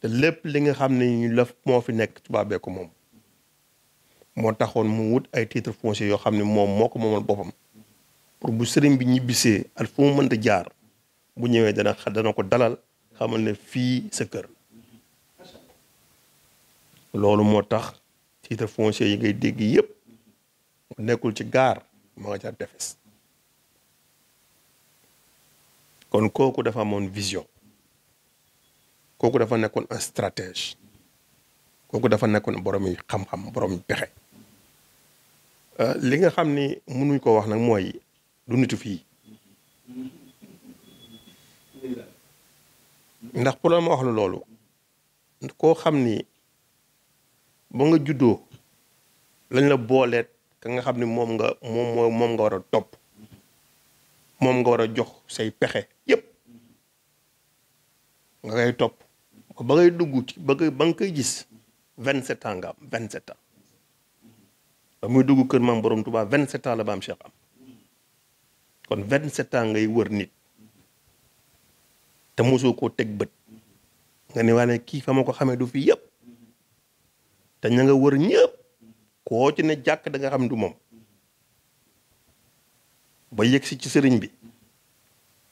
te lépp li nga xam ne ñu laf moo fi nekk tubaabee ko moom moo taxoon mu wut ay titre foncier yoo xam ne moom moo ko moomal boppam pour bu sëriñ bi ñibbisee ak fu mu mënta jaar bu ñëwee dana dana ko dalal xamal na fii sa kër loolu moo tax titre foncier yi ngay dégg yëpp nekkul ci gaar ma nga ca defes kon kooku dafa amoon vision kooku dafa nekkoon un stratège kooku dafa nekkoon borom yi xam-xam borom yi pexe Euh, li nga xam ni mënuñ koo wax nag mooy du nitu fii ndax pour ma wax la loolu koo xam ni ba nga juddoo lañ la booleet ka nga xam ni moom nga moom moo moom nga war a topp moom nga war a jox say pexe yëpp nga koy topp ba ngay dugg ci ba nga koy gis vingt sept ans nga vingt sept ans ba muy dugg keur mam borom Touba 27 ans la bam Cheikh am kon 27 ans ngay wër nit te musu ko tek beut nga ni waa ki fama ko xamé du fi yépp te nga wër ñëpp ko ci ne jàkk da nga xam du mom ba yegg si ci serigne bi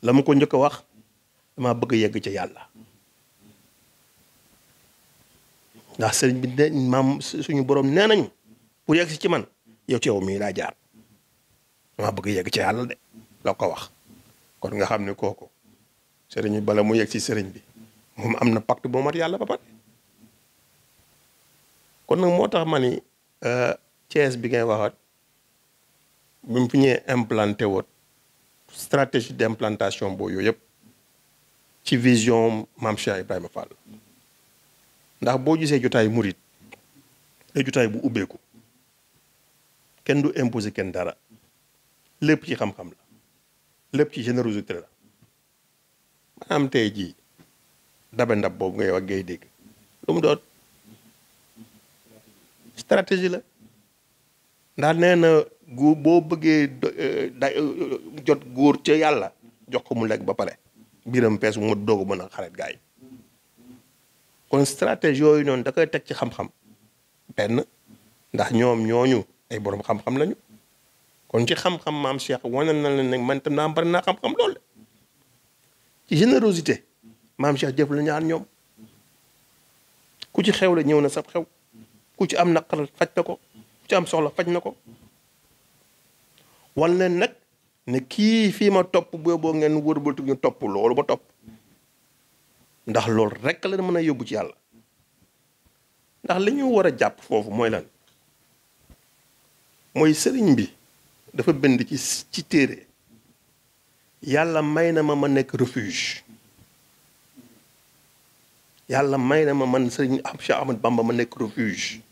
lam ma ko ñëk wax dama bëgg yegg ci yalla ndax serigne bi ne suñu borom nenañu pour ya, yegg si ci man yow ci yow mii laa jaar ma bëgg yegg ci yàlla de la ko wax kon nga xam ne kooku sëriñ bala mu yegg si sëriñ bi moom am na pacte bu mat yàlla ba pare kon nag moo tax ma ni Thiès bi ngay waxat bi mu fi ñëwee implanté woon stratégie d' implantation boo yooyu yëpp ci vision maam Cheikh Ibrahima Fall ndax boo gisee jotaay murit day jotaay bu ubbeeku kenn du imposer kenn dara lépp ci xam-xam la lépp ci générosité la maanaam tey jii dabe ndab boobu ngay wax dégg lu mu doon stratégie la ndax nee na góor boo bëggee eh, da eh, jot góor ca yàlla jox ko mu lekk ba pare biiram pees mu doog a mën a xaret gaay kon stratégie yooyu noonu da teg ci xam-xam benn ndax ñoom ñooñu ay boroom xam-xam lañu kon ci xam-xam maam Cheikh wane na leen nag man tam naa bari naa xam-xam lool générosité maam Cheikh jëf la ñaar ñoom ku ci xew la ñëw na sab xew ku ci am naqar faj na ko ku ci am soxla faj na ko wan leen nag ne kii fii ma topp booboo ngeen wër ba ñu topp loolu ba topp ndax loolu rek la mën a yóbbu ci yàlla ndax li ñu war a jàpp foofu mooy lan mooy sëriñ bi dafa bind ci ci téere yàlla may na ma ma nekk refuge yàlla may na ma man sëriñ Cheikh Ahmad Bamba ma nekk refuge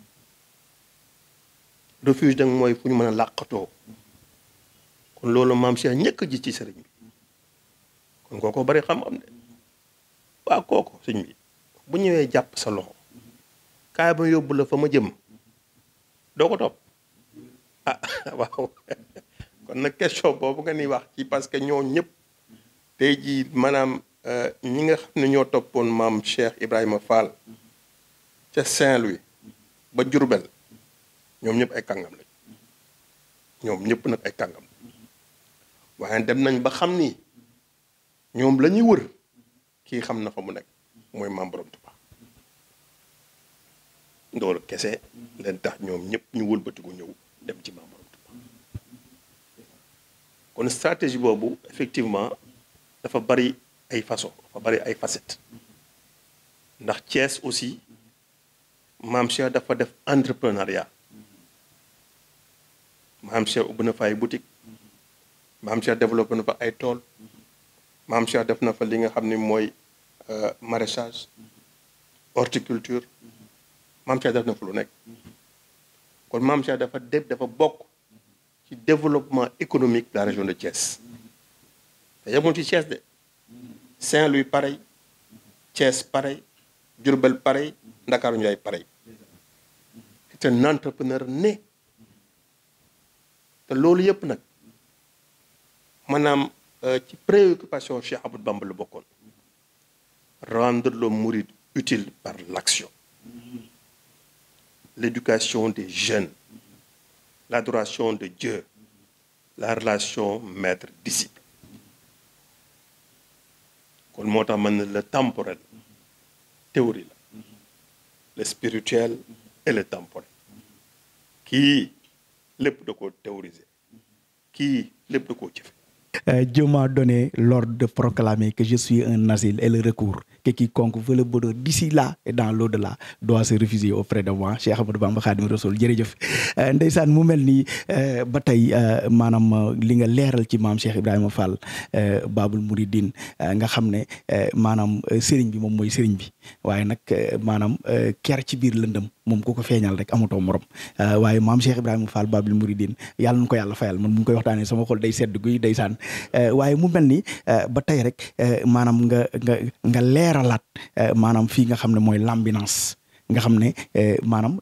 refuge danga mooy fu ñu mën a làqatoo kon loolu maam Cheikh ñëkk ji ci sëriñ bi kon kooko bari xam-xam ne waa kooku sëriñ bi bu ñëwee jàpp sa loxo kaay ba yóbbu la fa ma jëm doo ko topp ah [LAUGHS] waaw kon nag question boobu nga ni wax ci parce que ñoo ñëpp tey jii maanaam euh, ñi nga xam ne ñoo toppoon maam Cheikh Ibrahima Fall ca Saint-Louis ba Diourbel ñoom ñëpp ay kàngam lañ ñoom ñëpp nag ay kàngam waaye dem nañ ba xam ni ñoom lañuy ñuy wër kii xam na fa mu nekk mooy maam Borom Tuuba ndoolu kese leen tax ñoom ñëpp ñu wëlbatiku ñëw dem ci maam kon stratégie boobu effectivement dafa bari ay façon dafa bari ay facettes ndax Thiès aussi maam Cheikh dafa def entrepreneuriat maam Cheikh ubbi na fa ay boutique maam Cheikh développé na fa ay tool maam Cheikh def na fa li nga xam ni mooy euh, maraîchage horticulture maam Cheikh def na fa lu nekk kon Mam Cheikh dafa deb dafa bokk ci développement économique de la région de Thiès Da yemul ci Thiès de Saint-Louis pareil Thiès pareil Durbel pareil Dakar Ndiaye pareil c'est un entrepreneur né te lolu yep nak manam euh, ci préoccupation Cheikh Abdou Bamba le de rendre le mouride utile par l'action l'éducation des jeunes, l'adoration de Dieu, la relation maître-disciple. Comment amener le temporel théorie le spirituel et le temporel Qui les de théoriser Qui les peut de euh, Dieu m'a donné l'ordre de proclamer que je suis un asile et le recours, que quiconque veut le bonheur d'ici là et dans l'au-delà doit se refuser auprès de moi. Cheikh Abdou Bamba Khadim Rasoul Djerejef. Euh, ndeysaan mu mel nii euh, ba tey euh, maanaam li nga leeral ci maam Cheikh Ibrahim Fall Babul Mouridine nga xam Manam, maanaam sëriñ bi moom mooy sëriñ bi waaye nag maanaam ker ci biir lëndëm moom ku ko feeñal rek amatoo morom euh, waaye maam Cheikh Ibrahima Fall Babil Mouridine yàlla na ko yàlla fayal man ko ngi koy waxtaanee sama xol day sedd guy day saan euh, waaye mu mel ni euh, ba tey rek maanaam nga nga nga leeralaat maanaam fii nga xam ne mooy l'ambulance nga xam ne maanaam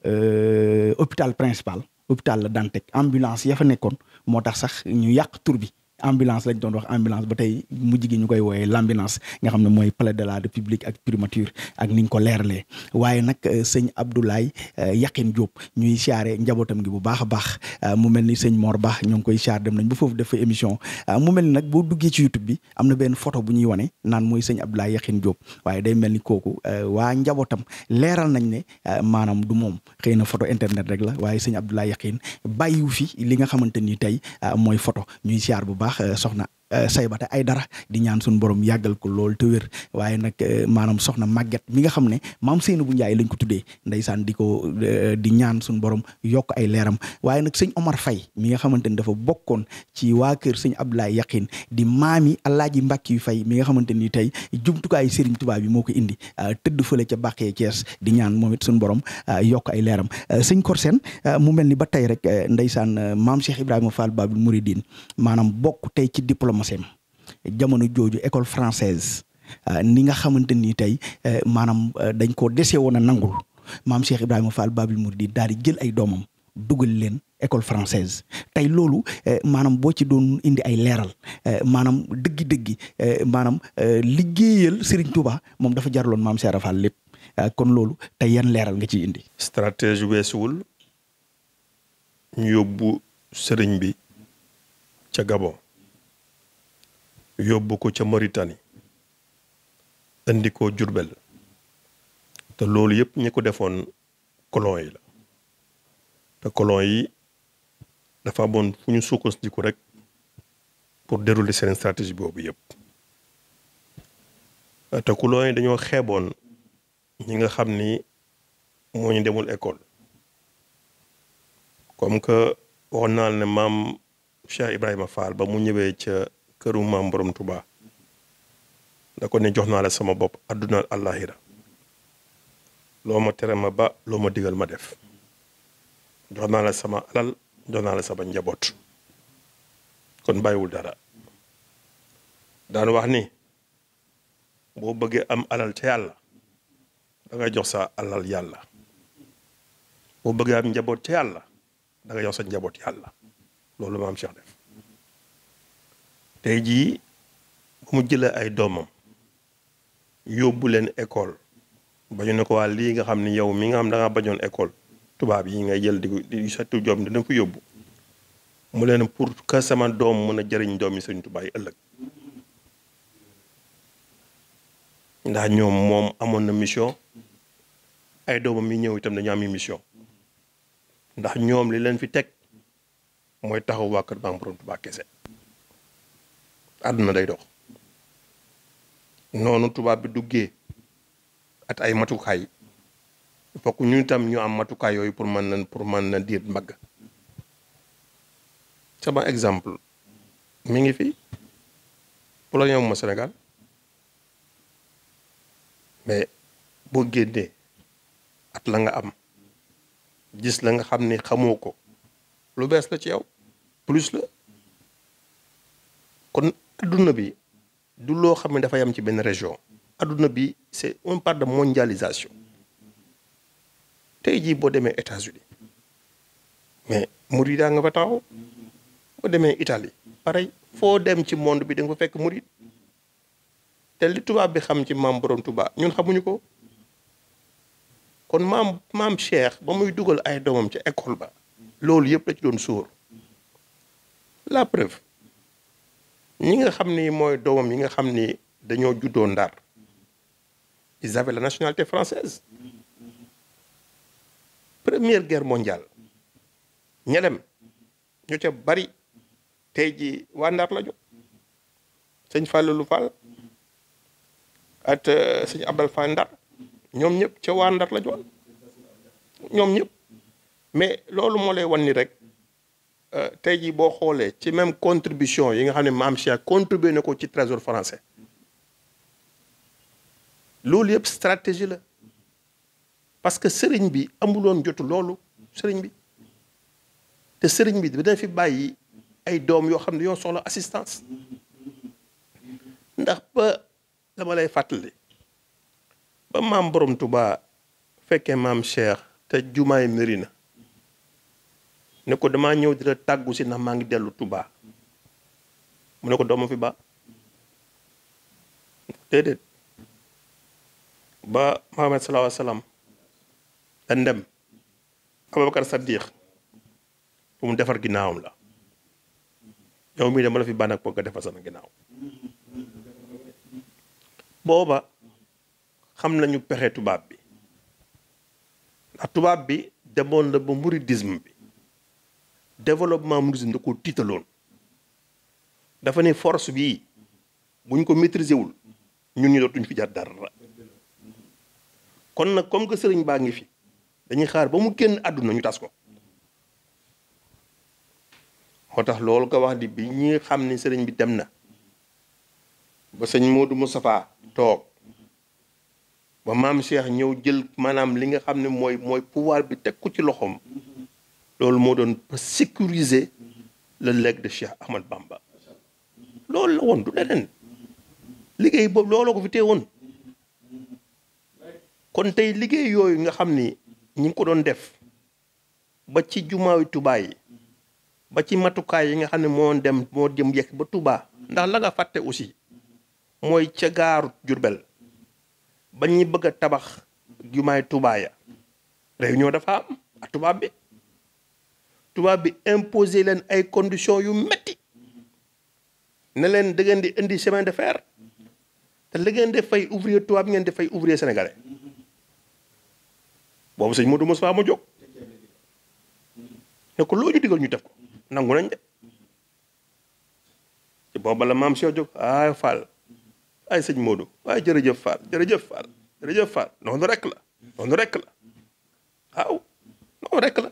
hôpital principal hôpital la Dantec ambulance ya fa nekkoon moo tax sax ñu yàq tur bi ambulance lañ doon wax ambulance ba tey mu gi ñu koy wooyee l'ambulance nga xam ne mooy palais de la république ak primature ak ni ñu ko leeralee waaye nag euh, sëñ Abdoulaye euh, Yakhine Diop ñuy siyaare njabootam gi bu baax a baax euh, mu mel ni sëñ moor baax ñoo ngi koy siyaar dem nañ ba foofu def fa émission mu mel ni nag boo duggee ci YouTube bi am na benn photo bu ñuy wane naan mooy sëñ Abdoulaye Yakhine Diop waaye day mel ni kooku waa njabootam leeral nañ ne maanaam du moom xëy na photo internet rek la waaye sëñ Abdoulaye Yakhine bàyyiwu fi li nga xamante ni tey mooy photo ñuy siyaar bu baax baax eh, soxna Eh, saybata ay dara di ñaan suñu borom yàggal ko lool te wér waaye nag eh, maanaam soxna màgget mi nga xam ne maam seen bu Njaay lañ ko tuddee ndeysaan di ko eh, di ñaan suñu borom yokk ay leeram waaye nag sëñ Omar Fay mi nga xamante ni dafa bokkoon ci waa kër sëñ Abdoulaye Yaqin di maami Alaaji Mbàkki yu Fay mi nga xamante ni tey jumtukaay Sëriñ Tuubaa moo ko indi tëdd fële ca Bàqee Cees di ñaan moom it suñu borom yokk ay leeram sëñ Korseen mu mel ni ba tey rek ndeysaan maam Cheikh Ibrahima Fall Babul Mouridine maanaam bokk tey ci diplôme pharmacien jamono jooju école française euh, ni nga xamante ni tey euh, maanaam euh, dañ koo dese woon a nangul maam Cheikh Ibrahima Fall Babil Mouridi daal di jël ay doomam dugal leen école française tey loolu maanaam boo ci doon indi ay leeral maanaam dëggi-dëggi maanaam liggéeyal Serigne Touba moom dafa jarloon maam Cheikh Fall lépp kon loolu tey yan leeral nga ciy indi. stratégie weesuwul ñu yóbbu sëriñ bi ca Gabon. yóbbu ko ca Mauritanie indi ko Jurbel te loolu yëpp ñi ko defoon colon yi la te colon yi dafa amoon fu ñu sukkandiku rek pour dérouler seen stratégie boobu yëpp te colon yi dañoo xeeboon ñi nga xam ni moo ñu demul école comme que waxoon naa ne maam Cheikh Ibrahima Fall ba mu ñëwee ca keru mam borom tuba da ko ne joxna la sama bop aduna allahira loo ma tere ma ba digal ma def joxna la sama alal joxna la sama njabot kon bayiwul dara dan wax ni bo am alal te yalla da nga jox sa alal yalla bo bëggee am njabot te yalla da nga jox sa yalla lolou ma am Cheikh def tey jii mu jëlee ay doomam yóbbu leen école bañu ne ko waa lii nga xam ne yow mi nga xam da bañoon école tubaab yi ngay jël di di sotti joom dina ko yóbbu mu leen pour que sama doom mën a jëriñ doom yi Sëriñ Tuubaa yi ëllëg ndax ñoom moom amoon na mission ay doomam yi ñëw itam dañu am mission ndax ñoom li leen fi teg mooy taxaw waa kër Maam Borom Tuubaa kese. àdduna day dox noonu tubaab bi duggee at ay matukaay fokk ñu tam ñu am matukaay yooyu pour mën na pour mën na diir mbagg sama exemple mi ngi fi poloña ma Sénégal mais boo génnee at la nga am gis la nga xam ni xamoo ko lu bees la ci yow plus la kon adduna bi du lo dafa yam région c'est un part de mondialisation tay États-Unis mais mourida nga fa Italie pareil fo dem ci monde bi da fa fekk les gens li touba bi xam ci mam borom Touba ñun xamuñu ko kon mam mam Cheikh ba muy ay école ba loolu la ci la preuve ñi nga xam ni mooy doomam yi nga xam ni dañoo juddoo ndar ils avaient la nationalité française première guerre mondiale ña dem ca bari tey ji waa ndar lañu sëñ Fallou Fall at euh, sëñ Abdal Fall ndar ñoom ñëpp ca waa ndar lañu woon ñoom ñëpp mais loolu moo lay wan ni rek Euh, tey jii boo xoolee ci même contribution yi nga xam ne Maam Cheikh contribué na ko ci trésor français loolu yëpp stratégie la parce que sëriñ bi amuloon jotu loolu sëriñ bi te sëriñ bi dina fi bàyyi ay doom yoo xam ne yoo soxla assistance ndax ba la ma lay fàttali ba maam borom Touba fekkee maam Cheikh te jumaay Mérina ne ko dama ñew dila taggu ci na ma ngi delu tuba mu ne ko fi ba déedéet ba Muhammad sallallahu alayhi Wasallam. sallam dañ dem Abubakar sadiq bu mu defar ginnaawam la yow mi dama la fi ban ak nga defar sama ginaaw boba xam nañu pexé tuba bi tuba bi demone le bu muridisme bi développement Mouloussine da ko tiitaloon dafa ne force bii buñ ko maîtriser wul ñun ñu dootuñ fi jar dara kon nag comme que sëriñ baa ngi fi dañuy xaar ba mu génn àdduna ñu tas ko moo tax loolu nga wax di bi ñuy xam ne sëriñ bi dem na ba sëñ moo Modou Moustapha toog ba maam Cheikh ñëw jël maanaam li nga xam ne mooy mooy pouvoir bi teg ko ci loxoom loolu moo doon sécuriser la legs de Cheikh Ahmad Bamba loolu la woon du leneen liggéey boobu looloo ko fi tee woon kon tey liggéey yooyu nga xam ni ñi ngi ko doon def ba ci jumaayu Tuubaa yi ba ci matukaay yi nga xam ne moo dem moo dem yekk ba tubaa ndax la nga fàtte aussi mooy ca gaaru Jurbel ba ñuy bëgg a tabax jumaayu Tuubaa ya réunion dafa am ak tubaab bi tubaab bi imposer leen ay conditions yu metti ne leen da di indi chemin de fer te la ngeen di fay ouvrier tubaab ngeen di fay ouvrier sénégalais boobu sëñ Modou Moussa mu jóg ne ko loo ñu ñu def ko nangu nañ de boobala boobu la maam soo jóg ay Fall ay sëñ modo waaye jërëjëf Fall jërëjëf Fall jërëjëf Fall noonu rek la noonu rek la waaw noonu rek la.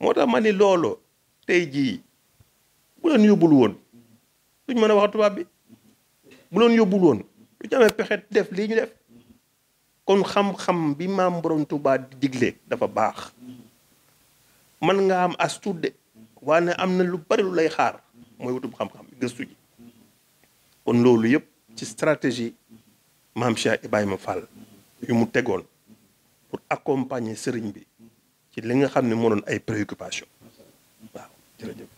moo tax ma ni looloo tey jii bu leen yóbbul woon duñ mën a wax tubaab bi bu leen yóbbul woon du ñu amee pexe def lii kon xam-xam bi maam borom Tuubaa di digle dafa baax man nga am as tuut de waaye ne am na lu bari lu lay xaar mooy wutub xam-xam gëstu ji kon loolu yëpp ci stratégie maam Cheikh Ibrahima Fall yu mu tegoon pour accompagner sëriñ bi li nga xam ne moo doon ay préoccupation waaw jërëjëf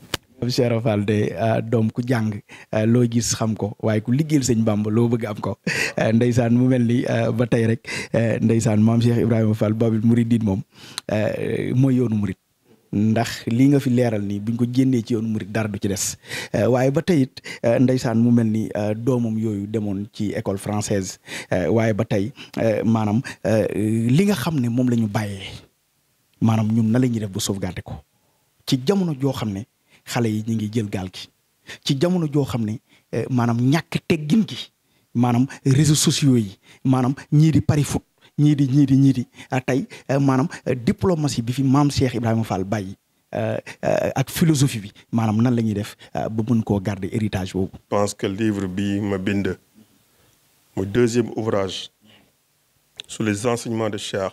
Cheikh de euh, doom ku jàng euh, loo gis xam ko waaye ku liggéeyal sëñ Bamba loo bëgg am ko euh, ndeysaan mu mel ni ba tey rek ndeysaan maam Cheikh Ibrahima Fall Babil Mouridine moom mooy yoonu murit ndax lii nga fi leeral nii buñ ko génnee ci yoonu murid dara du ci des waaye ba tey ndeysaan mu mel ni doomam yooyu demoon ci école francaise waaye ba tey maanaam li nga xam ne moom la ñu bàyyee manam ñun na lañuy def bu sauvegarder ko ci jamono joo xam ne xale yi ñu ngi jël gaal gi ci jamono joo xam ne eh, maanaam ñàkk teggin gi manam réseaux sociaux yi manam ñii di pari foot ñii di ñii di ñii di ah, tey eh, manam eh, diplomatie bi fi maam Cheikh Ibrahima Fall bàyyi ak philosophie bi manam nan la ñuy def ba mën koo garder héritage boobu. pense que livre bi ma bind mu deuxième ouvrage sur les enseignements de Cheikh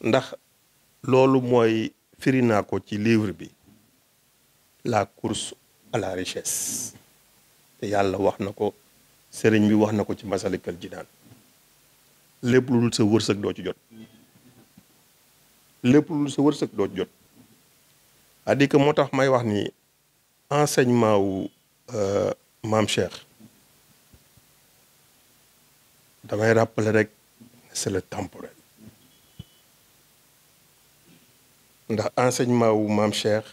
ndax loolu mooy firi naa ko ci livre bi la course à la richesse te yàlla wax na ko sëriñ bi wax na ko ci masalikal jinaan lépp lu dul sa wërsëg doo ci jot lépp lu dul sa wërsëg doo ci jot c'est-à-dire que moo tax may wax ni enseignement wu euh, maam Cheikh damay rappeler rek c'est le temporel ndax enseignement wu maam Cheikh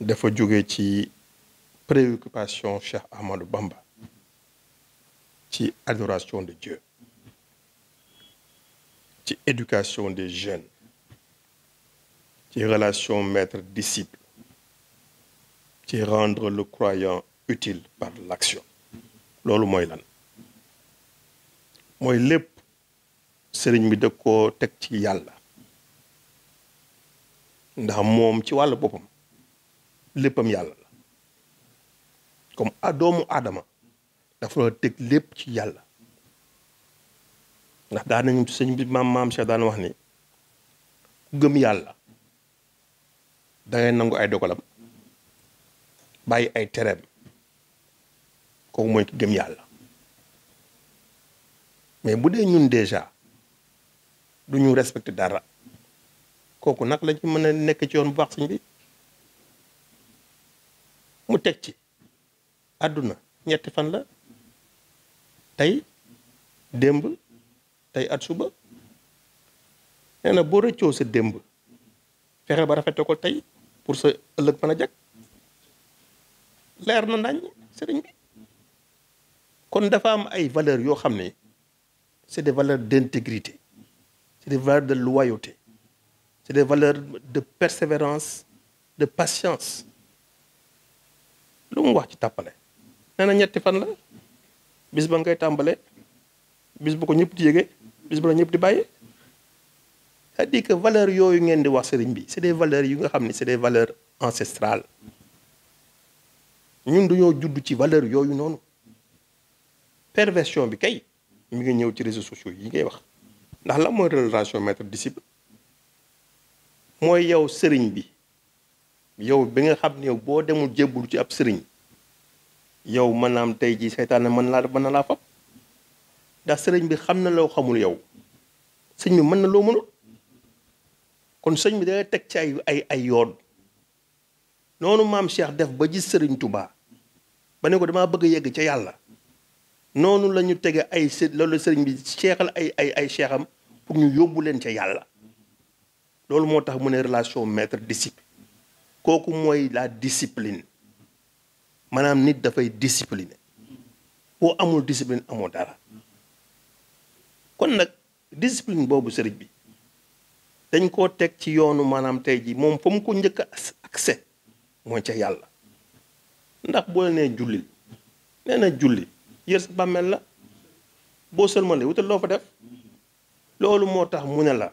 dafa jóge ci préoccupation Cheikh Amadou Bamba ci adoration de Dieu ci éducation des jeunes ci relation maître-disciple ci rendre le croyant utile par l'action loolu mooy lan mooy lépp sëriñ bi da koo ci ndax moom ci wàllu boppam léppam yàlla la comme a doomu aadama dafa la teg lépp ci yàlla ndax daan nañu sëñ bi maam maam Cheikh daan wax ni ku gëm yàlla dangay nangu ay dogalam bàyyi ay tereem kooku mooy ki gëm yàlla mais bu dee ñun déjà du ñu respecté dara kooku nag lañ mën a nekk ci yoon bu baax sëñ bi mu teg ci àdduna ñetti fan la tey démb tey at suba nee na boo rëccoo sa démb fexe ba rafete ko tey pour sa ëllëg mën a jag leer na nañ sëriñ bi kon dafa am ay valeurs yoo xam ne c'est des valeurs d'intégrité c'est des valeurs de loyauté C'est des valeurs de persévérance, de patience. ci tapalé. ñetti fan la bis ba ngay bis bu ko cest que valeur yoyu ngeen di wax sëriñ bi c'est des valeurs yu nga c'est des valeurs ancestrales ñun nous judd ci valeur yoyu perversion bi kay mi ngi ci réseaux sociaux yi ngay wax ndax la relation maître disciple mooy yow sëriñ bi yow bi nga xam ne yow boo demul jébbul ci ab sëriñ yow maanaam tey jii seytaane mën laa mën laa fab ndax sëriñ bi xam na loo xamul yow sëñ bi mën na loo mënul kon sëñ bi dangay teg ci ay ay ay yoon noonu maam Cheikh def ba gis sëriñ tubaa ba ne ko damaa bëgg a yegg ca yàlla noonu la ñu tege ay së sëriñ bi seexal ay ay ay seexam pour ñu yóbbu leen ca yàlla. loolu moo tax mu ne relation maître disciple kooku mooy la discipline maanaam nit dafay disipline boo amul discipline amul dara kon nag disipline boobu sëriñ bi dañ koo teg ci yoonu maanaam tey ji moom fa mu ko njëkk a accès mooy ca yàlla ndax boo nee jullil nee na julli yër sa bàmmeel la boo sëlmalee wutal loo fa def loolu moo tax mu ne la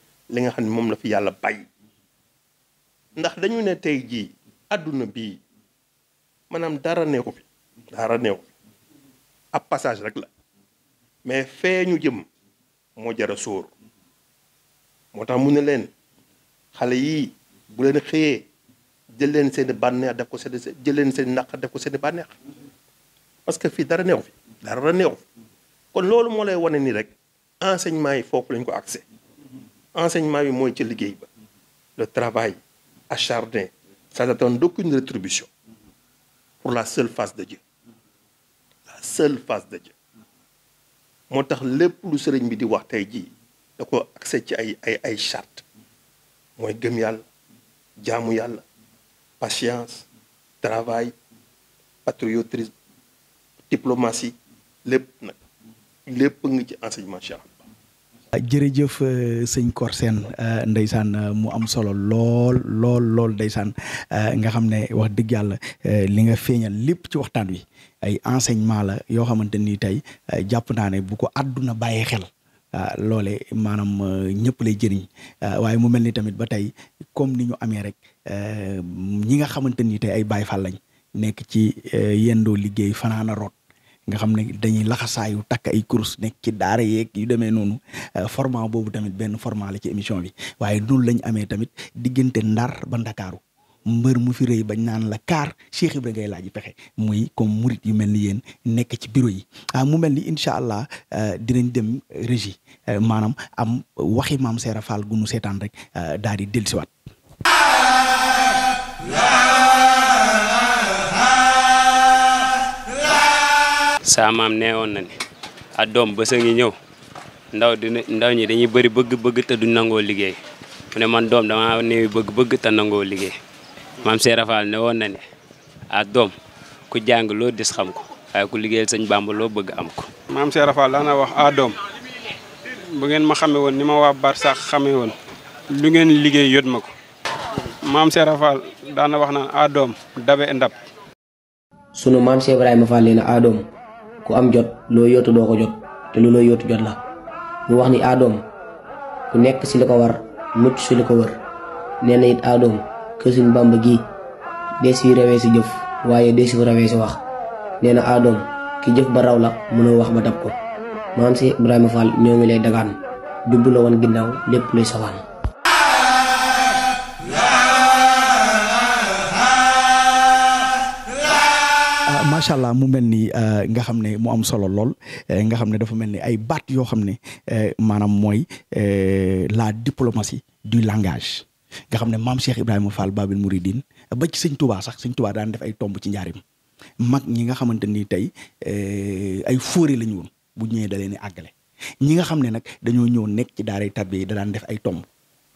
li nga xam ne moom la fi yàlla bàyyi ndax dañu ne tey jii àdduna bii maanaam dara neexu fi dara neexu fi ab passage rek la mais fee ñu jëm moo jara sóor moo tax mu ne leen xale yii bu leen xëyee jël leen seen i bànneex def ko seen jël leen seen naq def ko seen i bànneex parce que fii dara neexu fi dara neexu fi kon loolu moo lay wane nii rek enseignement yi foofu lañ ko accès enseignement bi moy ci liguey ba le travail acharné ça n'attend aucune rétribution pour la seule face de Dieu la seule face de Dieu motax lepp lu serigne bi di wax tay ji da ko accès ci ay ay ay charte moy gem yàlla jaamu yalla patience travail patriotisme diplomatie les nak lepp nga ci enseignement Cheikh jërëjëf euh, sëñ Cor Sène euh, ndeysaan euh, mu am solo lool lool lool ndeysaan nga xam ne wax dëgg yàlla li nga feeñal lépp ci waxtaan wi ay enseignement la yoo xamante ni tey jàpp naa ne bu ko àdduna bàyyee xel loole maanaam ñëpp lay jëriñ waaye mu mel ni tamit ba tey comme ni ñu amee rek ñi nga xamante ni tey ay Baay Faal lañ nekk ci yendoo liggéey fanaana root nga xam ne dañuy laxasaayu takk ay course nekk ci daara yeeg yu demee noonu euh, format boobu tamit benn format la ci émission bi waaye noonu lañ amee tamit diggante ndar ba ndakaaru mbër mu fi rëy bañ naan la kaar Cheikh Ibra ngay laaj pexe muy comme murit yu mel ni yéen nekk ci bureau yi ah mu mel ni incha allah euh, dinañ dem régie euh, maanaam am waxi maam Seera Fall gu nu seetaan rek daal di dellusiwaat. saa maam nee woon na ni a ah, doom bés a ngi ñëw ndaw dina ndaw ñi dañuy bëri bëgg-bëgg te du nangoo liggéey mu man doom dama néew bëgg-bëgg te nangoo liggéey maam Seera Faal ne woon na ne a ah, doom ku jàng loo xam ko ku liggéeyal sëñ Bàmba bëgg am ko. maam Seera Faal wax a ah, doom ngeen ma xamee woon ni ma waa Barsax xamee woon lu ngeen liggéey yot ma ko maam Seera daana wax naan a doom dabe ndab sunu maam Cheikh Ibrahima Fall leen a ku am jot loo yootu doo ko jot te lu loo yootu jot la mu wax ni aadoom ku nekk ci li ko war mucc si li ko wër nee na it aadoom kër suñ bàmba gii dee si rawee si jëf waaye dee si rawee si wax nee na aadoom ki jëf ba raw la mënoo wax ba dab ko maam si Ibrahima Fall ñoo ngi lay dagaan dubb la woon ginnaaw lépp luy sawaan macha allah mu mel ni euh, nga xam ne mu am solo lool euh, nga xam ne dafa mel ni ay baat yoo xam ne euh, maanaam mooy la diplomatie du langage nga xam ne maam Cheikh Ibrahima Fall Babil Mouridine ba ci sëñ Touba sax sëñ Touba daan def ay tomb ci njaarim mag ñi nga xamante ni tey ay fóore la ñu woon bu ñëwee da leen àggale ñi nga xam ne nag dañoo ñëw nekk ci daaray tarbiya yi da def ay tomb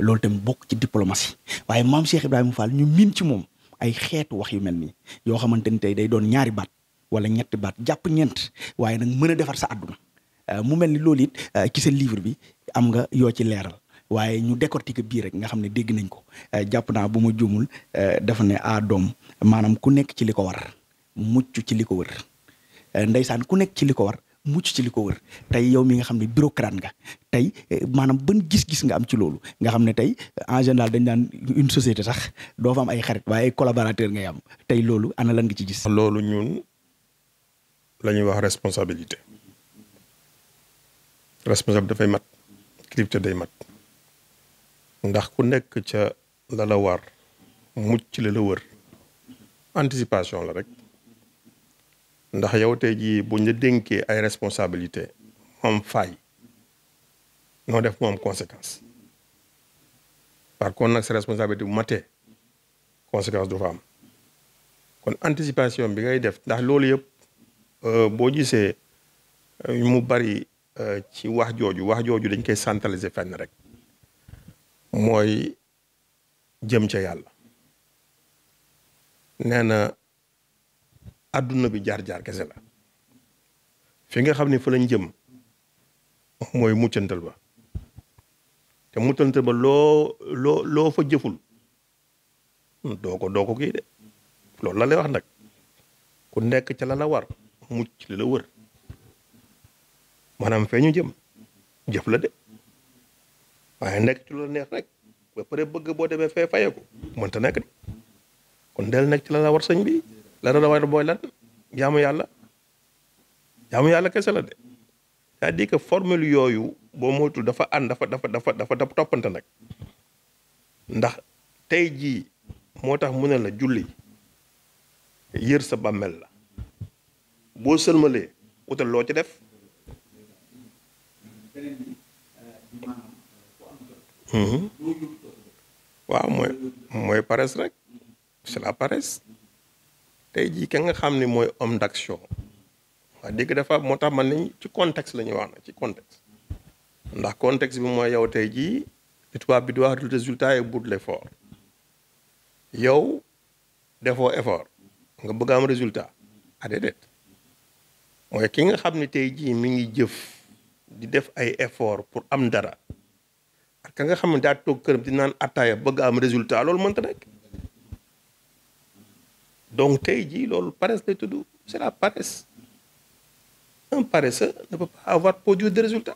loolu tamit bokk ci diplomatie waaye maam Cheikh Ibrahima Fall ñu miin ci moom. ay xeetu wax yu mel nii yoo xamante ni tey day doon ñaari baat wala ñetti baat jàpp ñeent waaye nag mën a defar sa àdduna euh, mu mel ni loolu it euh, ci sa livre bi am nga yoo ci leeral waaye ñu décortiquer bii rek nga xam ne dégg nañ ko euh, jàpp naa bu ma juumul dafa ne a doom maanaam ku nekk ci li ko war mucc ci li ko wër ndeysaan ku nekk ci li ko war mucc ci li ko wër tey yow mi nga xam ne bureaucrate nga tey eh, maanaam ban gis-gis nga am ci loolu nga xam ne tey en dañ naan une société sax doo fa am ay xarit waaye ay collaborateur nga am tey loolu ana lan nga ci gis. loolu ñun la ñuy wax responsabilité responsable dafay mat kilifa day mat ndax ku nekk ca la la war mucc la la wër anticipation la rek. ndax yow tey jii buñ la dénkee ay responsabilité am fay noo def mu am conséquence par contre nag sa responsabilité bu matee conséquence du fa am kon anticipation bi ngay def ndax loolu yëpp euh, boo gisee euh, mu bari euh, ci wax jooju wax jooju dañ koy centraliser fenn rek mooy jëm ca yàlla nee aduna bi jar-jar ke la fi nga xamni fa lañ jëm moy muccantal ba te muccantal ba lo lo lo fa jëful ko do ko kii de loolu la lay wax nak ku nekk ci la la war mucc li la wër manam feñu jëm jëf la de waye nekk ci lu neex rek ba paré bëgg bo démé fee fayeku ta nekk kon del nek ci la war señ bi la la war mooy lan jaamu yàlla jaamu yàlla kese la de c'est-à-dire yooyu boo moytul dafa ànd dafa dafa dafa dafa toppante nag ndax tey jii moo tax mu ne la julli yër sa bàmmel la boo sëlmalee wutal loo ci def. Mhm. waaw mooy mooy pares rek c'est la paresse. tey jii ka nga xam ni mooy homme d'action waa dégg dafa moo tax man nañ ci contexte la ñuy wax na ci contexte ndax contexte bi mooy yow tey jii li tubaab bi di wax résultat yi bout l'effort yow defoo effort nga bëgg am résultat ah mooy ki nga xam ne tey jii mi ngi jëf di def ay effort pour am dara ak ka nga xam ne daa toog kër di naan attaaya bëgg am résultat loolu mënta nekk donc tey jii loolu paresse lay tudd c'est la paresse pare sa ne peut pas avoir produit de résultat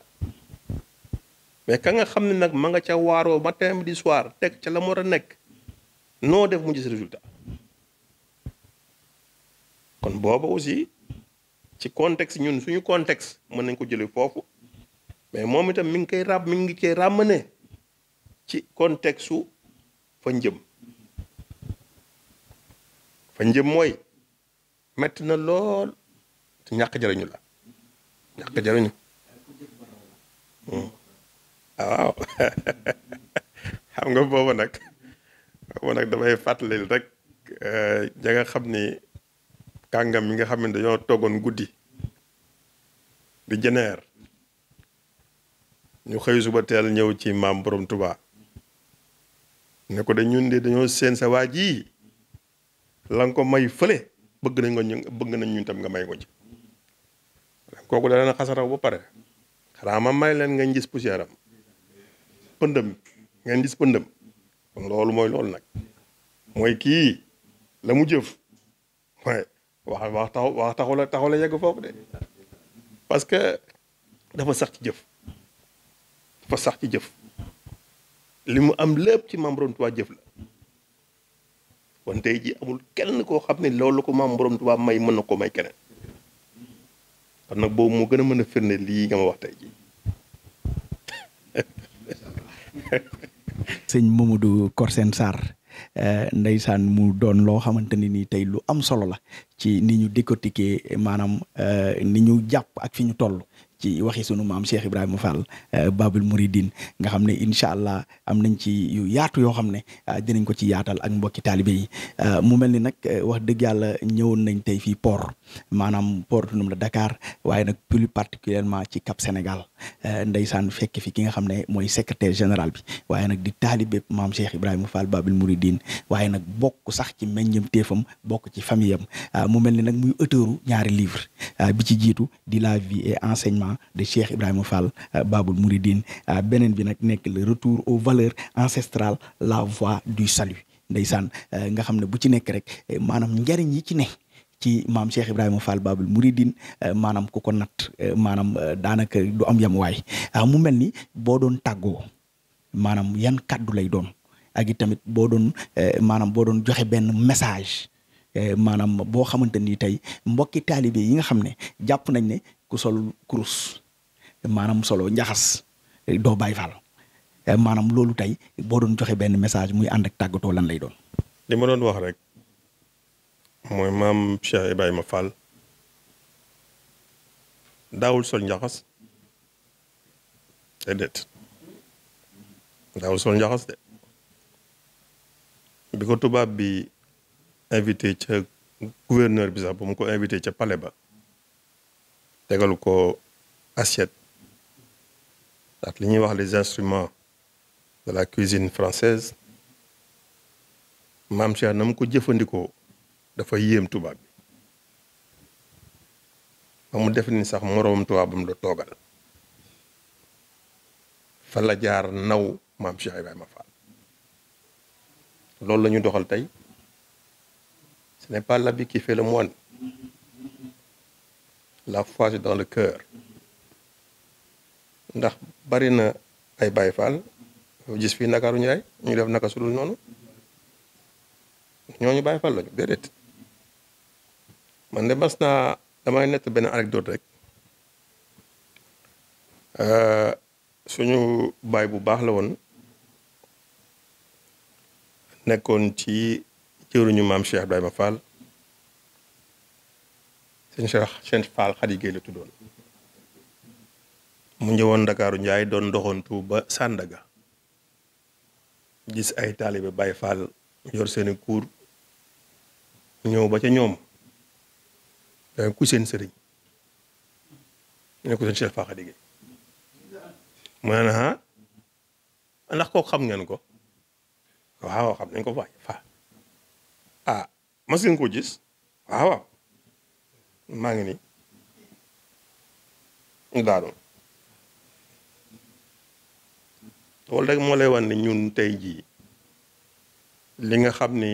mais ka nga xam ne nag mu nga ca waaroo matin di soir teg ca la mu war a nekk noo def mu gis résultat kon booba aussi ci contexte ñun suñu contexte mën nañ ko jële foofu mais moom itam mi ngi koy ràbb mi ngi koy ràmmane ci contexte su fa njëm fañ jëm mooy metti na lool te ñàkk jariñu la ñàkk jariñu hmm. ah, waaw [LAUGHS] xam nga booba nag booba nag damay fàttalil rek ja euh, xam ni kàngam yi nga xam ne dañoo toogoon guddi di jeneer ñu xëy suba teel ñëw ci maam borom Touba ne ko de ñun de dañoo seen sa waa ji la ko may fële bëgg nañ ko ñu bëgg nañ ñun tam nga may ko ci kooku da leen xasaraw ba pare xanaa ma may leen nga gis poussière am pëndëm ngeen gis pëndëm kon loolu mooy loolu nag mooy kii la mu jëf waaye wax wax taxu wax taxu la taxu la yegg foofu de parce que dafa sax ci jëf dafa sax ci jëf li mu am lépp ci membre am jëf la kon tey ji amul kenn koo xam ne loolu ko maam borom Tuubaa may mën na ko may keneen kon nag boobu moo gën a mën a firnde lii nga ma wax tey ji sëñ Mamadou Corsene Sarr eh, ndeysaan mu doon loo xamante ne nii tey lu am solo la ci ni ñu décortiquer maanaam eh, ni ñu jàpp ak fi ñu toll ci waxi sunu maam Cheikh Ibrahima Fall eh, Babul Mouridine nga xam ne incha allah am nañ ci yaatu yoo xam ne ah, dinañ ko ci yaatal ak mbokki taalibe yi eh, mu mel ni nag eh, wax dëgg yàlla ñëwoon nañ tey fii port maanaam port num la Dakar waaye nag plus particulièrement ci Cap Sénégal Euh, ndeysaan fekk fi ki nga xam moy secrétaire général bi waye nak di talibé mam Cheikh ibrahim Fall Babil Mouridine waye nak bokk sax ci meññam téfam bokk ci famiyam euh, mu melni nak muy auteuru ñaari livre euh, bi ci jitu di la vie et enseignement de Cheikh ibrahim Fall Babil Mouridine benen bi nak nek le retour aux valeurs ancestrales la voix du salut ndeysaan nga xam bu ci nek rek manam njariñ yi ci nek ci maam Cheikh Ibrahima Fall Babul Mouridine euh, maanaam ku ko natt euh, maanaam euh, daanaka du am yam waay ah, mu mel ni boo doon tàggoo maanaam yan kàddu lay doon ak tamit boo doon maanaam boo doon joxe benn message maanaam boo xamante ni tey mbokki taalibe yi nga xam ne jàpp nañ ne ku sol kurus maanaam solo njaxas doo Baay Faal maanaam loolu tey boo doon joxe benn message muy ànd ak tàggatoo lan lay doon. mooy maam Cheikh Ibrahima Fall daawul sol njaxas te déet daawul sol njaxas de bi ko tubaab bi invité ca gouverneur bi sax ba mu ko invité ca pale ba tegal ko assiette ndax li ñuy wax les instruments de la cuisine française maam Cheikh na mu ko jëfandikoo dafa yéem tubaab bi ba mu def ni sax moroom tubaabam la toogal fa la jaar naw maam Cheikh Ibrahima Fall loolu la ñu doxal tey ce n'est pas l'habit qui fait le moine la foi est dans le cœur ndax bari na ay Baye Fall gis fii nakaru Njaay ñu def naka su dul noonu ñooñu Baye Fall lañu déedéet man de mas na damay nett benn anecdote rek suñu bay bu baax la won nekkon ci jëruñu maam Cheikh Ibrahima Fall sëñ Cheikh sëñ Fall Khady Gueye la tuddoon mu ñëwoon Ndakaaru don doon tu ba sandaga gis ay talibé bay Fall yor seeni cour ñew ba ca ñom Euh, ku seen sëriñ ñu ne ko seen Cheikh Faaxa Digé mu ne ah ndax kooku xam ngeen ko waaw xam nañ ko waay fa ah mas ngeen koo gis maa ngi nii ñu daanu loolu rek moo lay wan ne ñun tey jii li nga xam ni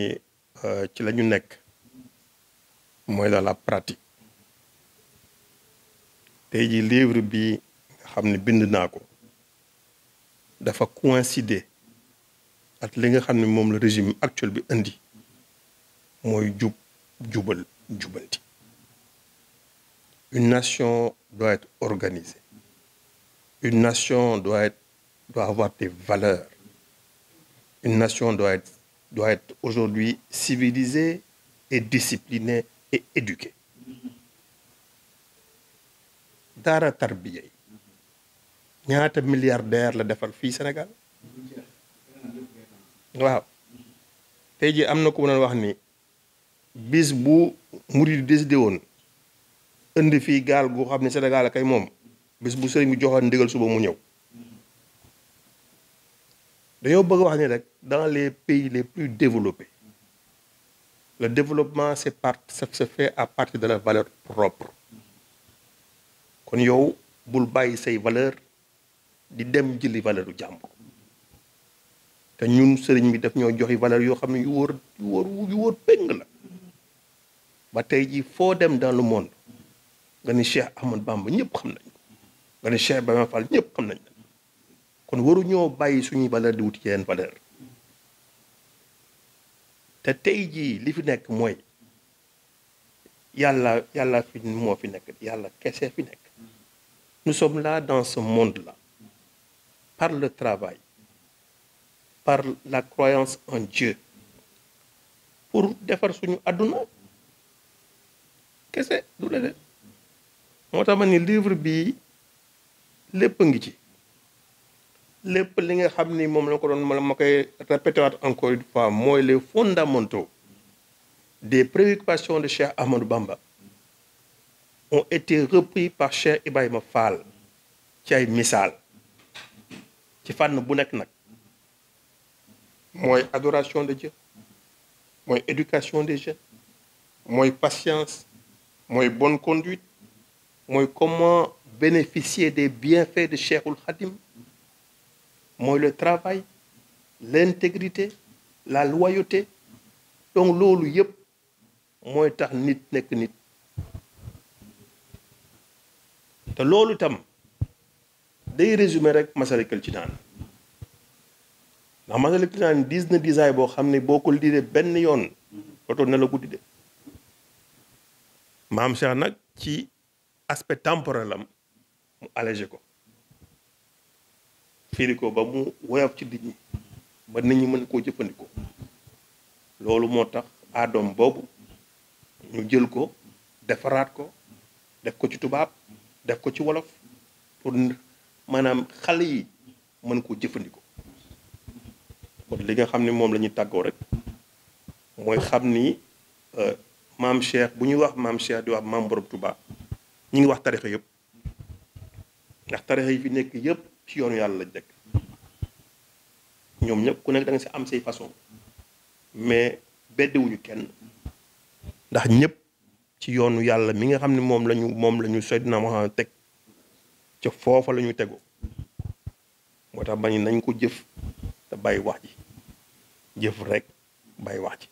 euh, ci la ñu nekk mooy la la pratique Et livre bi xamni coïncider at li nga régime actuel bi indi moy une nation doit être organisée une nation doit être doit avoir des valeurs une nation doit être doit être aujourd'hui civilisée et disciplinée et éduquée tara tarbiya ñaata milliardaire la defal fi senegal waaw tey jii am na wax ni bis bu mouride décidé won indi fi gal gu xamni senegal kay mom bis bu serigne bi ndigal suba mu ñew dañoo bëgg wax ni rek dans les pays les plus développés le développement c'est part se fait à partir de la valeur propre kon yow bul bàyyi say valeur di dem jëli valeur jàmbur te ñun sëriñ bi daf ñoo joxi valeur yoo xam ne yu wóor yu wóor yu wóor péng la ba tey ji foo dem dans lu monde nga ni Cheikh Ahmad Bamba ñëpp xam nañ nga ni Cheikh Ibrahima Fall ñëpp xam nañ kon waru ñoo bàyyi suñuy valeur di wuti yeneen valeur te tey jii li fi nekk mooy yàlla yàlla fi moo fi nekk yàlla kese fi nekk Nous sommes là dans ce monde-là, par le travail, par la croyance en Dieu, pour défendre ce que Qu'est-ce quest c'est que c'est Nous livre un livre ngi ci lépp li nga xamni mom la ko don ma koy encore une fois moi les fondamentaux des préoccupations de Cheikh Amadou Bamba ont été repris par Cheikh Ibrahima Fall ci ay mis ci fànn bu adoration de Dieu moi, éducation des jeunes moi, patience moi, bonne conduite moi, comment bénéficier des bienfaits de Cheikhul Khadim moi, le travail l'intégrité la loyauté donc loolu est moi, tax nit nek nit te loolu itam day résumé rek Masalikul Jinaan ndax Masalikul Jinaan diis na diisaay boo xam ne boo ko liiree benn yoon dootoo ne la guddi de maam Cheikh nag ci aspect temporel am mu allégé ko firi ko ba mu woyof ci di ñi ba nit ñi mën koo jëfandikoo loolu moo tax aadoom boobu ñu jël ko defaraat ko def ko ci tubaab def ko ci wolof pour maanaam xale yi mën koo jëfandikoo kon li nga xam ni moom la ñuy tàggoo rek mooy xam ni euh, maam Cheikh bu ñuy wax maam Cheikh di wax maam borom Touba ñu ngi wax tarixa yëpp ndax tarixa yi fi nekk yëpp ci yoonu yàlla lañ dekk ñoom ñëpp ku nekk da si am say façon mais beddewuñu kenn ndax ñëpp. ci yoonu yàlla mi nga xam ne moom lañu ñu moom la ñu Seydina Muhammad teg ca foofa la ñu tego moo tax bañ nañ ko jëf te bàyyi wax ji jëf rek bàyyi wax ji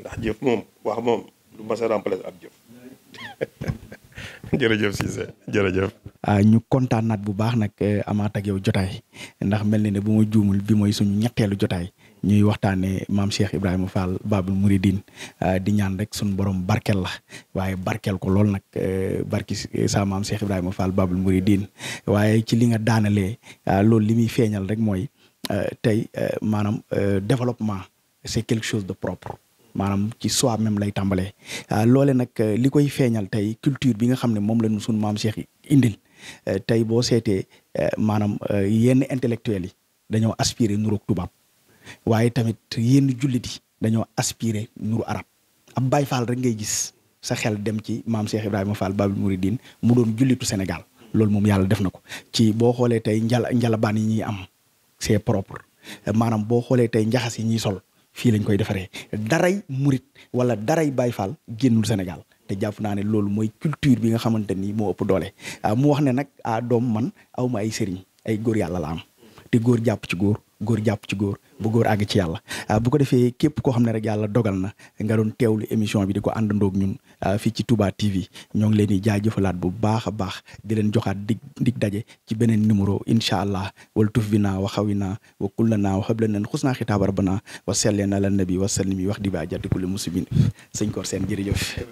ndax jëf moom wax moom du mas a remplacer ab jëf [LAUGHS] jërëjëf Cissé jërëjëf. Ah, ñu kontaanaat bu baax nag eh, amaat ak yow jotaay ndax mel na ne bu mu juumul bi mooy suñu ñetteelu jotaay. ñuy waxtaanee maam Cheikh Ibrahima Fall Babul Mouridine euh, di ñaan rek suñu borom barkel la waaye barkeel ko lool nag euh, barki sa maam Cheikh Ibrahima Fall Babul Mouridine waaye ci li nga daanalee euh, loolu li muy feeñal rek mooy tey maanaam développement c'est quelque chose de propre maanaam ci soi même lay tàmbalee loole nag li koy feeñal tey culture bi nga xam ne moom la ñu suñu maam Cheikh indil tey boo seetee maanaam yenn intellectuels yi dañoo aspirer nuroog tubaab waaye tamit yenn jullit yi dañoo aspirer nuru arab ab Baay Faal rek ngay gis sa xel dem ci maam Cheikh Ibrahima Fall Baabul Mouridine mu doon jullitu Sénégal loolu moom yàlla def na ko ci boo xoolee tey njal njalabaan yi ñuy am c'est propre maanaam boo xoolee tey njaxas yi ñuy sol fii lañ koy defaree daray murit wala daray Baay Faal génnul Sénégal te jàpp naa ne loolu mooy culture bi nga xamante ni moo ëpp doole mu wax ne nag a ah, doom man awma ay sëriñ ay góor yàlla la am te góor jàpp ci góor góor jàpp ci góor bu góor àgg ci yàlla ah, bu ko defee képp koo xam ne rek yàlla dogal na nga doon teewlu émission bi di ko àndandoog ñun ah, fii ci Touba TV ñoo ngi leen di jaajëfalaat bu baax a baax di leen joxaat dig dig daje ci beneen numéro incha allah wal tuf bi naa waxawi naa wa kulla naa waxab leen leen xus naa xitaabar ba naa wa sellee na la nabi wa sallim yi wax di baa jàddi kulli muslimin sëñ Kor Sène jërëjëf